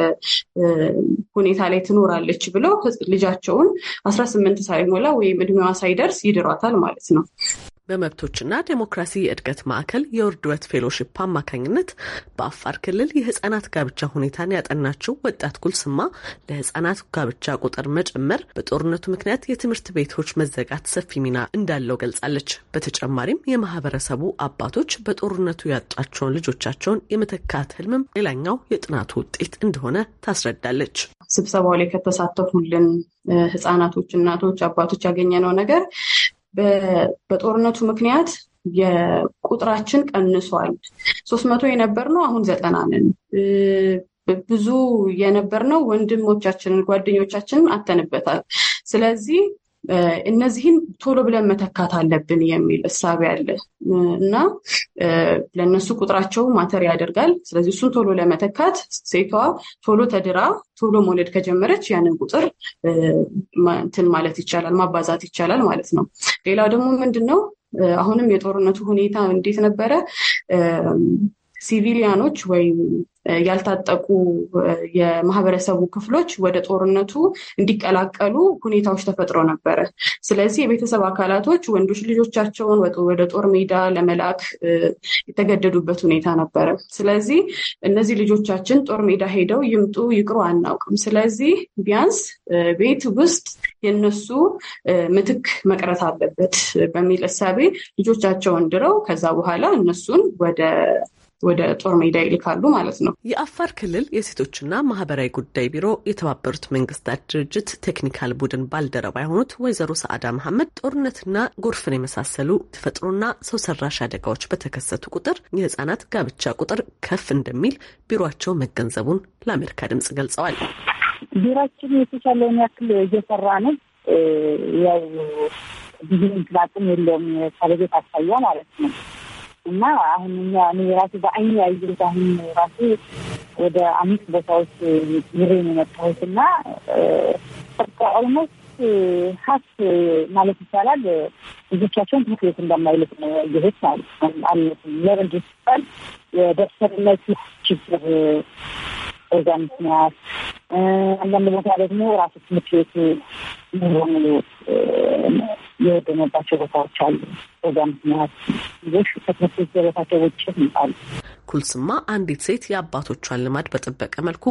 ሁኔታ ላይ ትኖራለች ብለው ልጃቸውን አስራ ስምንት ሳይሞላ ወይም እድሜዋ ሳይደርስ ይድሯታል ማለት ነው። በመብቶችና ዴሞክራሲ የእድገት ማዕከል የውርድበት ፌሎሺፕ አማካኝነት በአፋር ክልል የህጻናት ጋብቻ ሁኔታን ያጠናችው ወጣት ኩልስማ ለህጻናት ጋብቻ ቁጥር መጨመር በጦርነቱ ምክንያት የትምህርት ቤቶች መዘጋት ሰፊ ሚና እንዳለው ገልጻለች። በተጨማሪም የማህበረሰቡ አባቶች በጦርነቱ ያጧቸውን ልጆቻቸውን የመተካት ህልምም ሌላኛው የጥናቱ ውጤት እንደሆነ ታስረዳለች። ስብሰባው ላይ ከተሳተፉልን ህጻናቶች፣ እናቶች፣ አባቶች ያገኘነው ነገር በጦርነቱ ምክንያት የቁጥራችን ቀንሷል። ሶስት መቶ የነበር ነው አሁን ዘጠና ነን። ብዙ የነበር ነው ወንድሞቻችንን ጓደኞቻችንን አተንበታል። ስለዚህ እነዚህን ቶሎ ብለን መተካት አለብን የሚል እሳቤ አለ እና ለእነሱ ቁጥራቸው ማተር ያደርጋል። ስለዚህ እሱን ቶሎ ለመተካት ሴቷ ቶሎ ተድራ ቶሎ መውለድ ከጀመረች ያንን ቁጥር እንትን ማለት ይቻላል፣ ማባዛት ይቻላል ማለት ነው። ሌላው ደግሞ ምንድን ነው አሁንም የጦርነቱ ሁኔታ እንዴት ነበረ? ሲቪሊያኖች ወይም ያልታጠቁ የማህበረሰቡ ክፍሎች ወደ ጦርነቱ እንዲቀላቀሉ ሁኔታዎች ተፈጥሮ ነበረ። ስለዚህ የቤተሰብ አካላቶች ወንዶች ልጆቻቸውን ወደ ጦር ሜዳ ለመላክ የተገደዱበት ሁኔታ ነበረ። ስለዚህ እነዚህ ልጆቻችን ጦር ሜዳ ሄደው ይምጡ ይቅሩ አናውቅም። ስለዚህ ቢያንስ ቤት ውስጥ የነሱ ምትክ መቅረት አለበት በሚል እሳቤ ልጆቻቸውን ድረው ከዛ በኋላ እነሱን ወደ ወደ ጦር ሜዳ ይልካሉ ማለት ነው። የአፋር ክልል የሴቶችና ማህበራዊ ጉዳይ ቢሮ የተባበሩት መንግስታት ድርጅት ቴክኒካል ቡድን ባልደረባ የሆኑት ወይዘሮ ሰአዳ መሐመድ ጦርነትና ጎርፍን የመሳሰሉ ተፈጥሮና ሰው ሰራሽ አደጋዎች በተከሰቱ ቁጥር የህጻናት ጋብቻ ቁጥር ከፍ እንደሚል ቢሮቸው መገንዘቡን ለአሜሪካ ድምጽ ገልጸዋል። ቢሮችን የተቻለውን ያክል እየሰራ ነው። ያው ብዙ ምክንያቱም የለውም ከበጀት አሳያ ማለት ነው እና አሁን እኛ እኔ ራሱ በአይን ያየሁት አሁን ራሱ ወደ አምስት ቦታዎች ይሬ ነው የመጣሁት እና በቃ ኦልሞስት ሀስ ማለት ይቻላል ልጆቻቸውን ትምህርት ቤት እንደማይልቅ ነው ያየሁት ማለት አለትም ለረንድ ሲባል የደብተርነት ችግር እዛ ምክንያት አንዳንድ ቦታ ደግሞ ራሱ ትምህርት ቤቱ ሙሉ በሙሉ የወደመባቸው ቦታዎች አሉ። በዛ ምክንያት ልጆች ከትምህርት ቤት ገበታቸው ውጭ ይመጣሉ። ኩልስማ አንዲት ሴት የአባቶቿን ልማድ በጠበቀ መልኩ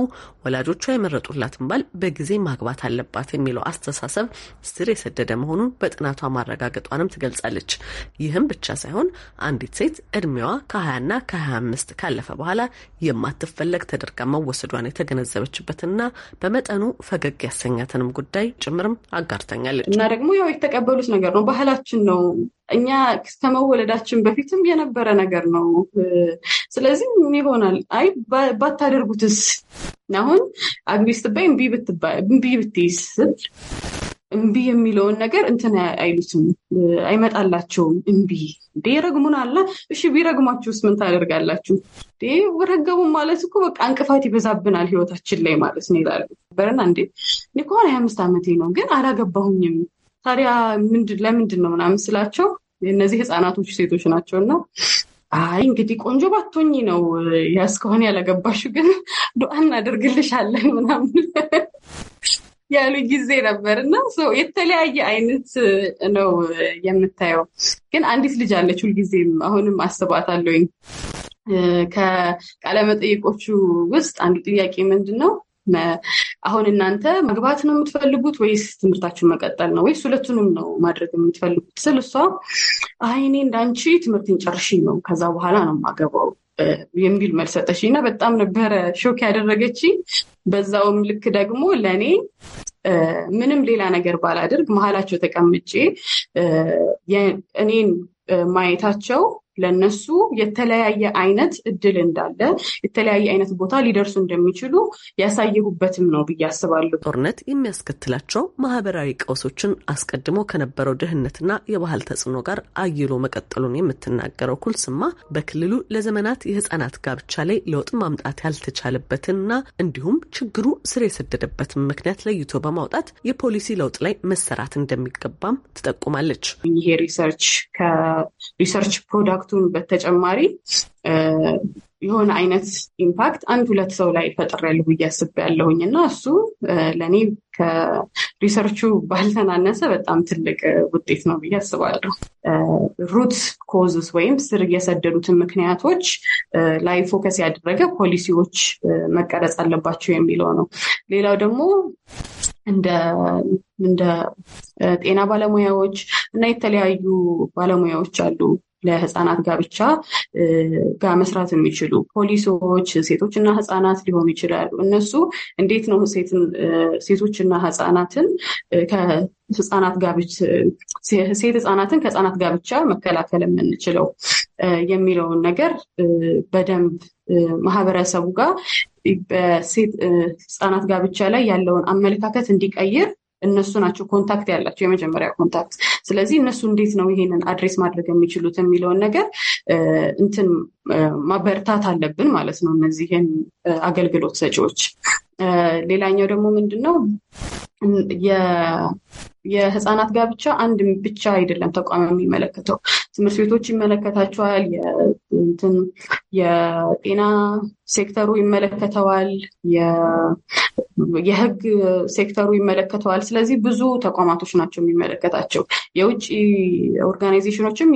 ወላጆቿ የመረጡላትን ባል በጊዜ ማግባት አለባት የሚለው አስተሳሰብ ስር የሰደደ መሆኑን በጥናቷ ማረጋገጧንም ትገልጻለች። ይህም ብቻ ሳይሆን አንዲት ሴት እድሜዋ ከ ከሀያ ና ካለፈ በኋላ የማትፈለግ ተደርጋ መወሰዷን የተገነዘበችበትና እና በመጠኑ ፈገግ ያሰኛትንም ጉዳይ ጭምርም አጋርተኛለች። እና ደግሞ ያው የተቀበሉት ነገር ነው፣ ባህላችን ነው። እኛ ከመወለዳችን በፊትም የነበረ ነገር ነው። ስለዚህ ምን ይሆናል? አይ ባታደርጉትስ? አሁን አግቢ ስትባይ እምቢ ብትይስ እምቢ የሚለውን ነገር እንትን አይሉትም፣ አይመጣላቸውም። እምቢ እንዴ ረግሙን አለ። እሺ ቢረግሟችሁስ ምን ታደርጋላችሁ? ረገሙ ማለት እኮ በቃ እንቅፋት ይበዛብናል ህይወታችን ላይ ማለት ነው ይላሉ ነበርና እንዴ እኔ ከሆነ ሀያ አምስት ዓመቴ ነው ግን አላገባሁኝም። ታዲያ ለምንድን ነው ምናምን ስላቸው እነዚህ ህፃናቶች ሴቶች ናቸው እና አይ እንግዲህ ቆንጆ ባቶኝ ነው ያስከሆን ያለገባሹ ግን ዱአ እናደርግልሻለን ምናምን ያሉ ጊዜ ነበር እና የተለያየ አይነት ነው የምታየው። ግን አንዲት ልጅ አለች ሁልጊዜም አሁንም አስባታለሁኝ። ከቃለመጠይቆቹ ውስጥ አንዱ ጥያቄ ምንድን ነው አሁን እናንተ መግባት ነው የምትፈልጉት ወይስ ትምህርታችሁን መቀጠል ነው ወይስ ሁለቱንም ነው ማድረግ የምትፈልጉት ስል እሷ አይ እኔ እንዳንቺ ትምህርትን ጨርሽ ነው ከዛ በኋላ ነው የማገባው የሚል መልስ ሰጠችኝ እና በጣም ነበረ ሾክ ያደረገች። በዛውም ልክ ደግሞ ለእኔ ምንም ሌላ ነገር ባላደርግ መሀላቸው ተቀምጬ እኔን ማየታቸው ለነሱ የተለያየ አይነት እድል እንዳለ የተለያየ አይነት ቦታ ሊደርሱ እንደሚችሉ ያሳየሁበትም ነው ብዬ አስባለሁ። ጦርነት የሚያስከትላቸው ማህበራዊ ቀውሶችን አስቀድሞ ከነበረው ድህነትና የባህል ተጽዕኖ ጋር አይሎ መቀጠሉን የምትናገረው ኩልስማ በክልሉ ለዘመናት የህጻናት ጋብቻ ላይ ለውጥ ማምጣት ያልተቻለበትንና እንዲሁም ችግሩ ስር የሰደደበትን ምክንያት ለይቶ በማውጣት የፖሊሲ ለውጥ ላይ መሰራት እንደሚገባም ትጠቁማለች። ይሄ ሪሰርች ከሪሰርች ፕሮዳክት ከኢምፓክቱን በተጨማሪ የሆነ አይነት ኢምፓክት አንድ ሁለት ሰው ላይ ፈጥሬያለሁ ብዬ ያለሁኝ እና እሱ ለእኔ ከሪሰርቹ ባልተናነሰ በጣም ትልቅ ውጤት ነው ብዬ አስባለሁ። ሩት ኮዝስ ወይም ስር የሰደዱትን ምክንያቶች ላይ ፎከስ ያደረገ ፖሊሲዎች መቀረጽ አለባቸው የሚለው ነው። ሌላው ደግሞ እንደ እንደ ጤና ባለሙያዎች እና የተለያዩ ባለሙያዎች አሉ ለህፃናት ጋብቻ ጋር መስራት የሚችሉ ፖሊሶች፣ ሴቶችና ህፃናት ሊሆኑ ይችላሉ። እነሱ እንዴት ነው ሴቶችና ህፃናትን ህጻናት ጋብቻ ሴት ህጻናትን ከህጻናት ጋብቻ መከላከል የምንችለው የሚለውን ነገር በደንብ ማህበረሰቡ ጋር በሴት ህጻናት ጋብቻ ላይ ያለውን አመለካከት እንዲቀይር እነሱ ናቸው ኮንታክት ያላቸው የመጀመሪያ ኮንታክት። ስለዚህ እነሱ እንዴት ነው ይሄንን አድሬስ ማድረግ የሚችሉት የሚለውን ነገር እንትን ማበርታት አለብን ማለት ነው እነዚህን አገልግሎት ሰጪዎች። ሌላኛው ደግሞ ምንድን ነው የህፃናት ጋብቻ አንድ ብቻ አይደለም ተቋም የሚመለከተው። ትምህርት ቤቶች ይመለከታቸዋል፣ የጤና ሴክተሩ ይመለከተዋል፣ የህግ ሴክተሩ ይመለከተዋል። ስለዚህ ብዙ ተቋማቶች ናቸው የሚመለከታቸው። የውጭ ኦርጋናይዜሽኖችም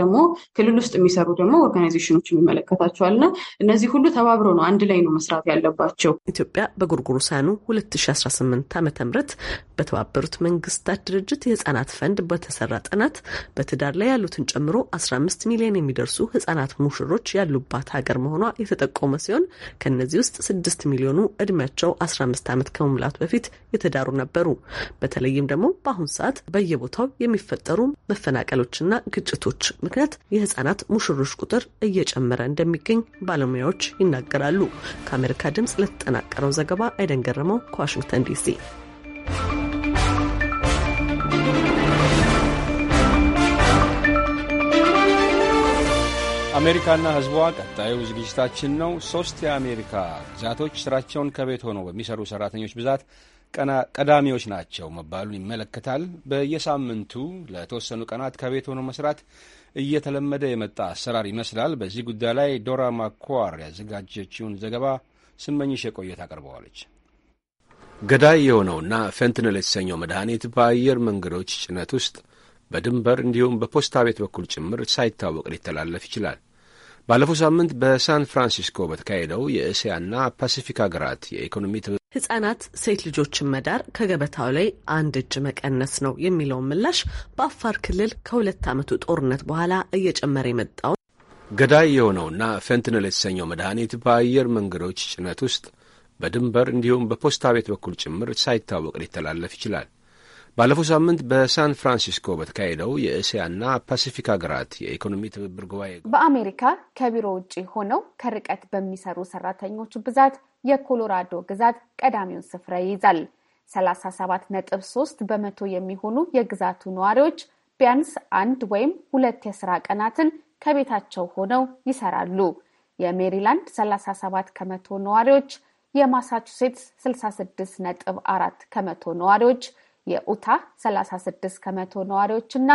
ደግሞ ክልል ውስጥ የሚሰሩ ደግሞ ኦርጋናይዜሽኖች ይመለከታቸዋል እና እነዚህ ሁሉ ተባብሮ ነው አንድ ላይ ነው መስራት ያለባቸው። ኢትዮጵያ በጎርጎሮሳውያኑ 2018 ዓ ም በተባበሩ በተባበሩት መንግስታት ድርጅት የህጻናት ፈንድ በተሰራ ጥናት በትዳር ላይ ያሉትን ጨምሮ 15 ሚሊዮን የሚደርሱ ህጻናት ሙሽሮች ያሉባት ሀገር መሆኗ የተጠቆመ ሲሆን ከእነዚህ ውስጥ 6 ሚሊዮኑ እድሜያቸው 15 ዓመት ከመሙላቱ በፊት የተዳሩ ነበሩ። በተለይም ደግሞ በአሁኑ ሰዓት በየቦታው የሚፈጠሩ መፈናቀሎችና ግጭቶች ምክንያት የህጻናት ሙሽሮች ቁጥር እየጨመረ እንደሚገኝ ባለሙያዎች ይናገራሉ። ከአሜሪካ ድምፅ ለተጠናቀረው ዘገባ አይደን ገረመው ከዋሽንግተን ዲሲ። አሜሪካና ሕዝቧ ቀጣዩ ዝግጅታችን ነው። ሶስት የአሜሪካ ግዛቶች ስራቸውን ከቤት ሆነው በሚሰሩ ሰራተኞች ብዛት ቀዳሚዎች ናቸው መባሉን ይመለከታል። በየሳምንቱ ለተወሰኑ ቀናት ከቤት ሆኖ መስራት እየተለመደ የመጣ አሰራር ይመስላል። በዚህ ጉዳይ ላይ ዶራ ማኳር ያዘጋጀችውን ዘገባ ስመኝሽ የቆየት አቅርበዋለች። ገዳይ የሆነውና ፌንትነል የተሰኘው መድኃኒት በአየር መንገዶች ጭነት ውስጥ በድንበር እንዲሁም በፖስታ ቤት በኩል ጭምር ሳይታወቅ ሊተላለፍ ይችላል። ባለፈው ሳምንት በሳን ፍራንሲስኮ በተካሄደው የእስያና ፓሲፊክ ሀገራት የኢኮኖሚ ህጻናት ሴት ልጆችን መዳር ከገበታው ላይ አንድ እጅ መቀነስ ነው የሚለውን ምላሽ በአፋር ክልል ከሁለት ዓመቱ ጦርነት በኋላ እየጨመረ የመጣውን ገዳይ የሆነውና ፌንትንል የተሰኘው መድኃኒት በአየር መንገዶች ጭነት ውስጥ በድንበር እንዲሁም በፖስታ ቤት በኩል ጭምር ሳይታወቅ ሊተላለፍ ይችላል። ባለፈው ሳምንት በሳን ፍራንሲስኮ በተካሄደው የእስያና ፓሲፊክ ሀገራት የኢኮኖሚ ትብብር ጉባኤ በአሜሪካ ከቢሮ ውጭ ሆነው ከርቀት በሚሰሩ ሰራተኞች ብዛት የኮሎራዶ ግዛት ቀዳሚውን ስፍራ ይይዛል። 37.3 በመቶ የሚሆኑ የግዛቱ ነዋሪዎች ቢያንስ አንድ ወይም ሁለት የስራ ቀናትን ከቤታቸው ሆነው ይሰራሉ። የሜሪላንድ 37 ከመቶ ነዋሪዎች፣ የማሳቹሴትስ 66.4 ከመቶ ነዋሪዎች የኡታ 36 ከመቶ ነዋሪዎችና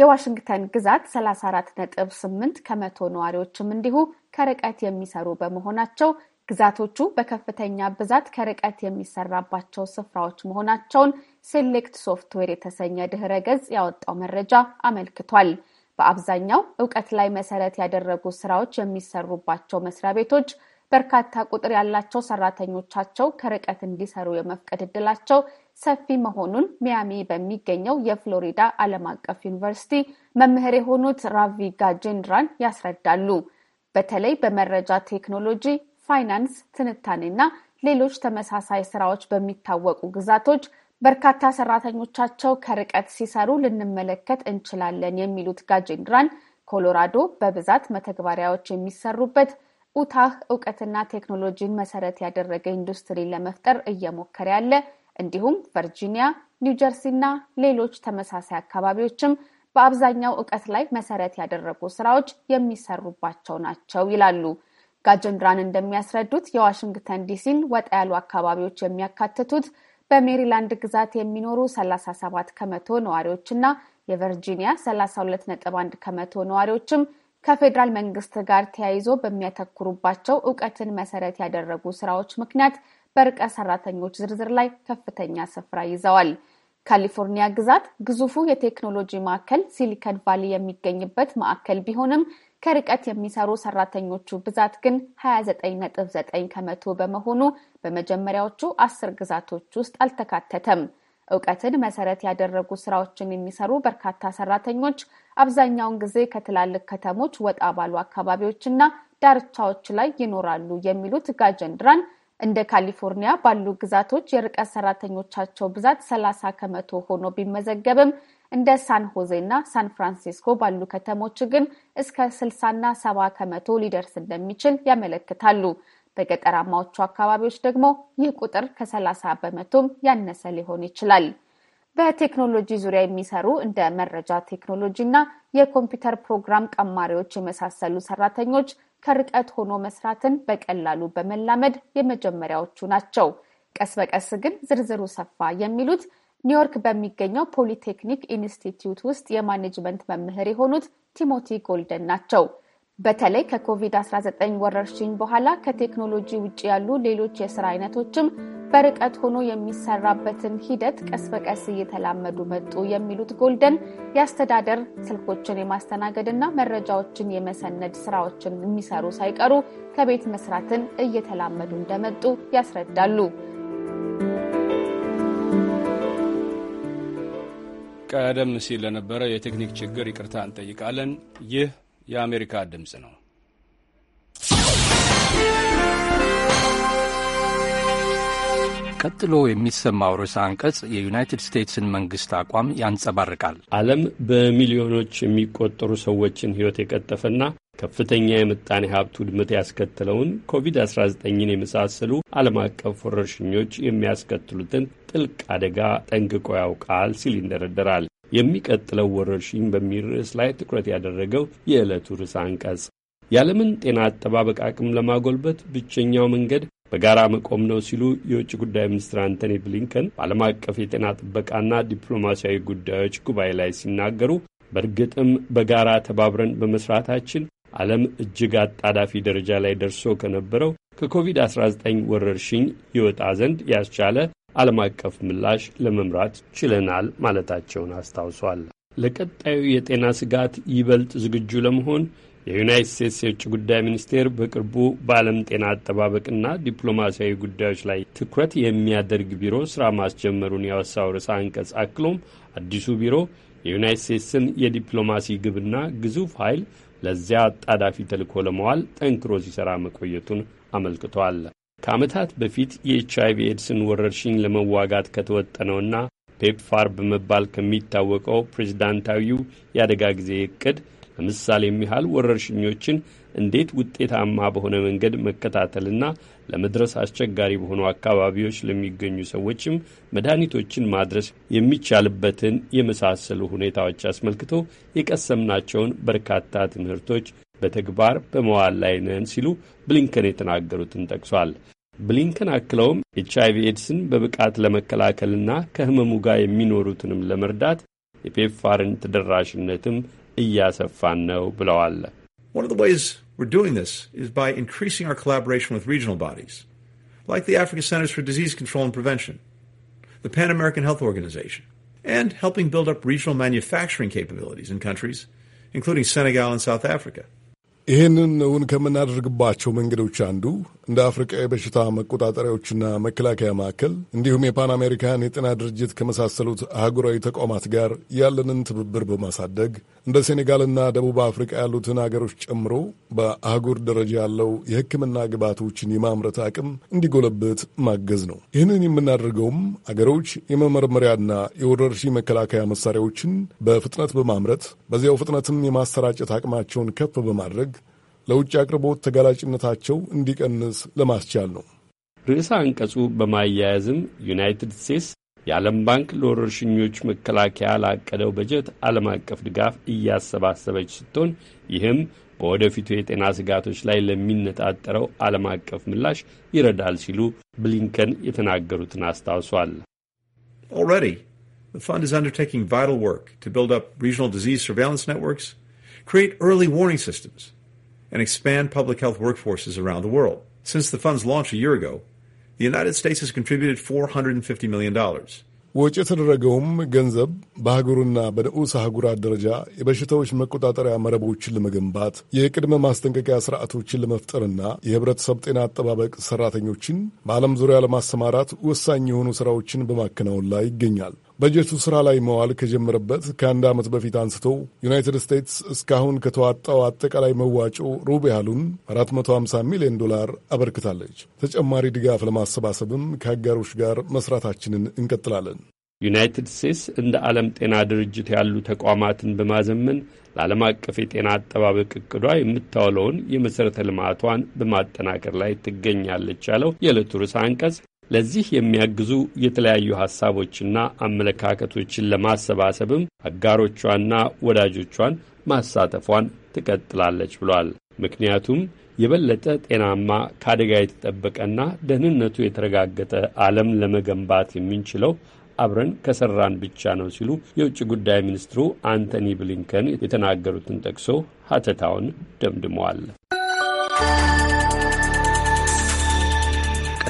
የዋሽንግተን ግዛት 34.8 ከመቶ ነዋሪዎችም እንዲሁ ከርቀት የሚሰሩ በመሆናቸው ግዛቶቹ በከፍተኛ ብዛት ከርቀት የሚሰራባቸው ስፍራዎች መሆናቸውን ሴሌክት ሶፍትዌር የተሰኘ ድህረ ገጽ ያወጣው መረጃ አመልክቷል። በአብዛኛው እውቀት ላይ መሰረት ያደረጉ ስራዎች የሚሰሩባቸው መስሪያ ቤቶች በርካታ ቁጥር ያላቸው ሰራተኞቻቸው ከርቀት እንዲሰሩ የመፍቀድ እድላቸው ሰፊ መሆኑን ሚያሚ በሚገኘው የፍሎሪዳ ዓለም አቀፍ ዩኒቨርሲቲ መምህር የሆኑት ራቪ ጋጄንድራን ያስረዳሉ። በተለይ በመረጃ ቴክኖሎጂ፣ ፋይናንስ፣ ትንታኔና ሌሎች ተመሳሳይ ስራዎች በሚታወቁ ግዛቶች በርካታ ሰራተኞቻቸው ከርቀት ሲሰሩ ልንመለከት እንችላለን የሚሉት ጋጀንድራን ኮሎራዶ በብዛት መተግበሪያዎች የሚሰሩበት ኡታህ እውቀትና ቴክኖሎጂን መሰረት ያደረገ ኢንዱስትሪ ለመፍጠር እየሞከረ ያለ እንዲሁም ቨርጂኒያ፣ ኒውጀርሲ እና ሌሎች ተመሳሳይ አካባቢዎችም በአብዛኛው እውቀት ላይ መሰረት ያደረጉ ስራዎች የሚሰሩባቸው ናቸው ይላሉ። ጋጀንድራን እንደሚያስረዱት የዋሽንግተን ዲሲን ወጣ ያሉ አካባቢዎች የሚያካትቱት በሜሪላንድ ግዛት የሚኖሩ 37 ከመቶ ነዋሪዎችና የቨርጂኒያ 32.1 ከመቶ ነዋሪዎችም ከፌዴራል መንግስት ጋር ተያይዞ በሚያተኩሩባቸው እውቀትን መሰረት ያደረጉ ስራዎች ምክንያት በርቀ ሰራተኞች ዝርዝር ላይ ከፍተኛ ስፍራ ይዘዋል። ካሊፎርኒያ ግዛት ግዙፉ የቴክኖሎጂ ማዕከል ሲሊከን ቫሊ የሚገኝበት ማዕከል ቢሆንም ከርቀት የሚሰሩ ሰራተኞቹ ብዛት ግን 29.9 ከመቶ በመሆኑ በመጀመሪያዎቹ አስር ግዛቶች ውስጥ አልተካተተም። እውቀትን መሰረት ያደረጉ ስራዎችን የሚሰሩ በርካታ ሰራተኞች አብዛኛውን ጊዜ ከትላልቅ ከተሞች ወጣ ባሉ አካባቢዎችና ዳርቻዎች ላይ ይኖራሉ የሚሉት ጋጀንድራን እንደ ካሊፎርኒያ ባሉ ግዛቶች የርቀት ሰራተኞቻቸው ብዛት 30 ከመቶ ሆኖ ቢመዘገብም እንደ ሳን ሆዜ እና ሳን ፍራንሲስኮ ባሉ ከተሞች ግን እስከ 6ና 7 ከመቶ ሊደርስ እንደሚችል ያመለክታሉ። በገጠራማዎቹ አካባቢዎች ደግሞ ይህ ቁጥር ከ ከ30 በመቶም ያነሰ ሊሆን ይችላል። በቴክኖሎጂ ዙሪያ የሚሰሩ እንደ መረጃ ቴክኖሎጂ እና የኮምፒውተር ፕሮግራም ቀማሪዎች የመሳሰሉ ሰራተኞች ከርቀት ሆኖ መስራትን በቀላሉ በመላመድ የመጀመሪያዎቹ ናቸው። ቀስ በቀስ ግን ዝርዝሩ ሰፋ የሚሉት ኒውዮርክ በሚገኘው ፖሊቴክኒክ ኢንስቲትዩት ውስጥ የማኔጅመንት መምህር የሆኑት ቲሞቲ ጎልደን ናቸው። በተለይ ከኮቪድ-19 ወረርሽኝ በኋላ ከቴክኖሎጂ ውጭ ያሉ ሌሎች የስራ አይነቶችም በርቀት ሆኖ የሚሰራበትን ሂደት ቀስ በቀስ እየተላመዱ መጡ የሚሉት ጎልደን የአስተዳደር ስልኮችን የማስተናገድ መረጃዎችን የመሰነድ ስራዎችን የሚሰሩ ሳይቀሩ ከቤት መስራትን እየተላመዱ እንደመጡ ያስረዳሉ። ቀደም ሲል ለነበረ የቴክኒክ ችግር ይቅርታ እንጠይቃለን። ይህ የአሜሪካ ድምፅ ነው። ቀጥሎ የሚሰማው ርዕሰ አንቀጽ የዩናይትድ ስቴትስን መንግስት አቋም ያንጸባርቃል። ዓለም በሚሊዮኖች የሚቆጠሩ ሰዎችን ሕይወት የቀጠፈና ከፍተኛ የምጣኔ ሀብት ውድመት ያስከትለውን ኮቪድ-19ን የመሳሰሉ ዓለም አቀፍ ወረርሽኞች የሚያስከትሉትን ጥልቅ አደጋ ጠንቅቆ ያውቃል ሲል ይንደረደራል የሚቀጥለው ወረርሽኝ በሚል ርዕስ ላይ ትኩረት ያደረገው የዕለቱ ርዕስ አንቀጽ የዓለምን ጤና አጠባበቅ አቅም ለማጎልበት ብቸኛው መንገድ በጋራ መቆም ነው ሲሉ የውጭ ጉዳይ ሚኒስትር አንቶኒ ብሊንከን በዓለም አቀፍ የጤና ጥበቃና ዲፕሎማሲያዊ ጉዳዮች ጉባኤ ላይ ሲናገሩ፣ በእርግጥም በጋራ ተባብረን በመስራታችን ዓለም እጅግ አጣዳፊ ደረጃ ላይ ደርሶ ከነበረው ከኮቪድ-19 ወረርሽኝ ይወጣ ዘንድ ያስቻለ ዓለም አቀፍ ምላሽ ለመምራት ችለናል ማለታቸውን አስታውሷል። ለቀጣዩ የጤና ስጋት ይበልጥ ዝግጁ ለመሆን የዩናይት ስቴትስ የውጭ ጉዳይ ሚኒስቴር በቅርቡ በዓለም ጤና አጠባበቅና ዲፕሎማሲያዊ ጉዳዮች ላይ ትኩረት የሚያደርግ ቢሮ ስራ ማስጀመሩን ያወሳው ርዕሰ አንቀጽ አክሎም አዲሱ ቢሮ የዩናይት ስቴትስን የዲፕሎማሲ ግብና ግዙፍ ኃይል ለዚያ አጣዳፊ ተልኮ ለመዋል ጠንክሮ ሲሰራ መቆየቱን አመልክቷል። ከዓመታት በፊት የኤች አይቪ ኤድስን ወረርሽኝ ለመዋጋት ከተወጠነውና ፔፕፋር በመባል ከሚታወቀው ፕሬዚዳንታዊው የአደጋ ጊዜ እቅድ ለምሳሌ የሚያህል ወረርሽኞችን እንዴት ውጤታማ በሆነ መንገድ መከታተልና ለመድረስ አስቸጋሪ በሆኑ አካባቢዎች ለሚገኙ ሰዎችም መድኃኒቶችን ማድረስ የሚቻልበትን የመሳሰሉ ሁኔታዎች አስመልክቶ የቀሰምናቸውን በርካታ ትምህርቶች One of the ways we're doing this is by increasing our collaboration with regional bodies, like the African Centers for Disease Control and Prevention, the Pan American Health Organization, and helping build up regional manufacturing capabilities in countries, including Senegal and South Africa. ይህንን እውን ከምናደርግባቸው መንገዶች አንዱ እንደ አፍሪቃ የበሽታ መቆጣጠሪያዎችና መከላከያ ማዕከል እንዲሁም የፓን አሜሪካን የጤና ድርጅት ከመሳሰሉት አህጉራዊ ተቋማት ጋር ያለንን ትብብር በማሳደግ እንደ ሴኔጋልና ደቡብ አፍሪቃ ያሉትን አገሮች ጨምሮ በአህጉር ደረጃ ያለው የሕክምና ግብዓቶችን የማምረት አቅም እንዲጎለብት ማገዝ ነው። ይህንን የምናደርገውም አገሮች የመመርመሪያና የወረርሽኝ መከላከያ መሳሪያዎችን በፍጥነት በማምረት በዚያው ፍጥነትም የማሰራጨት አቅማቸውን ከፍ በማድረግ ለውጭ አቅርቦት ተጋላጭነታቸው እንዲቀንስ ለማስቻል ነው። ርዕሰ አንቀጹ በማያያዝም ዩናይትድ ስቴትስ የዓለም ባንክ ለወረርሽኞች መከላከያ ላቀደው በጀት ዓለም አቀፍ ድጋፍ እያሰባሰበች ስትሆን ይህም በወደፊቱ የጤና ስጋቶች ላይ ለሚነጣጠረው ዓለም አቀፍ ምላሽ ይረዳል ሲሉ ብሊንከን የተናገሩትን አስታውሷል። Already, the fund is undertaking vital work to build up regional disease surveillance networks, create early warning systems, and expand public health workforces around the world. Since the fund's launch a year ago, the United States has contributed $450 million. ወጪ የተደረገውም ገንዘብ በሀገሩና በንዑስ አህጉራት ደረጃ የበሽታዎች መቆጣጠሪያ መረቦችን ለመገንባት የቅድመ ማስጠንቀቂያ ስርዓቶችን ለመፍጠርና የሕብረተሰብ ጤና አጠባበቅ ሰራተኞችን በዓለም ዙሪያ ለማሰማራት ወሳኝ የሆኑ ስራዎችን በማከናወን ላይ ይገኛል። በጀቱ ስራ ላይ መዋል ከጀመረበት ከአንድ ዓመት በፊት አንስቶ ዩናይትድ ስቴትስ እስካሁን ከተዋጣው አጠቃላይ መዋጮ ሩብ ያህሉን 450 ሚሊዮን ዶላር አበርክታለች። ተጨማሪ ድጋፍ ለማሰባሰብም ከአጋሮች ጋር መስራታችንን እንቀጥላለን። ዩናይትድ ስቴትስ እንደ ዓለም ጤና ድርጅት ያሉ ተቋማትን በማዘመን ለዓለም አቀፍ የጤና አጠባበቅ እቅዷ የምታውለውን የመሠረተ ልማቷን በማጠናከር ላይ ትገኛለች ያለው የዕለቱ ርዕሰ አንቀጽ ለዚህ የሚያግዙ የተለያዩ ሐሳቦችና አመለካከቶችን ለማሰባሰብም አጋሮቿና ወዳጆቿን ማሳተፏን ትቀጥላለች ብሏል። ምክንያቱም የበለጠ ጤናማ ከአደጋ የተጠበቀና ደህንነቱ የተረጋገጠ ዓለም ለመገንባት የምንችለው አብረን ከሰራን ብቻ ነው ሲሉ የውጭ ጉዳይ ሚኒስትሩ አንቶኒ ብሊንከን የተናገሩትን ጠቅሶ ሀተታውን ደምድመዋል።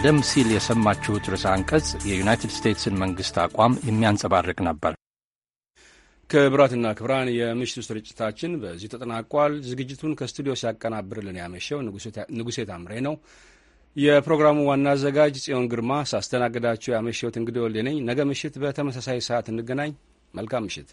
ቀደም ሲል የሰማችሁት ርዕሰ አንቀጽ የዩናይትድ ስቴትስን መንግሥት አቋም የሚያንጸባርቅ ነበር። ክብራትና ክብራን የምሽቱ ስርጭታችን በዚሁ ተጠናቋል። ዝግጅቱን ከስቱዲዮ ሲያቀናብርልን ያመሸው ንጉሴ ታምሬ ነው። የፕሮግራሙ ዋና አዘጋጅ ጽዮን ግርማ፣ ሳስተናግዳችሁ ያመሸሁት እንግዲህ ወልዴ ነኝ። ነገ ምሽት በተመሳሳይ ሰዓት እንገናኝ። መልካም ምሽት።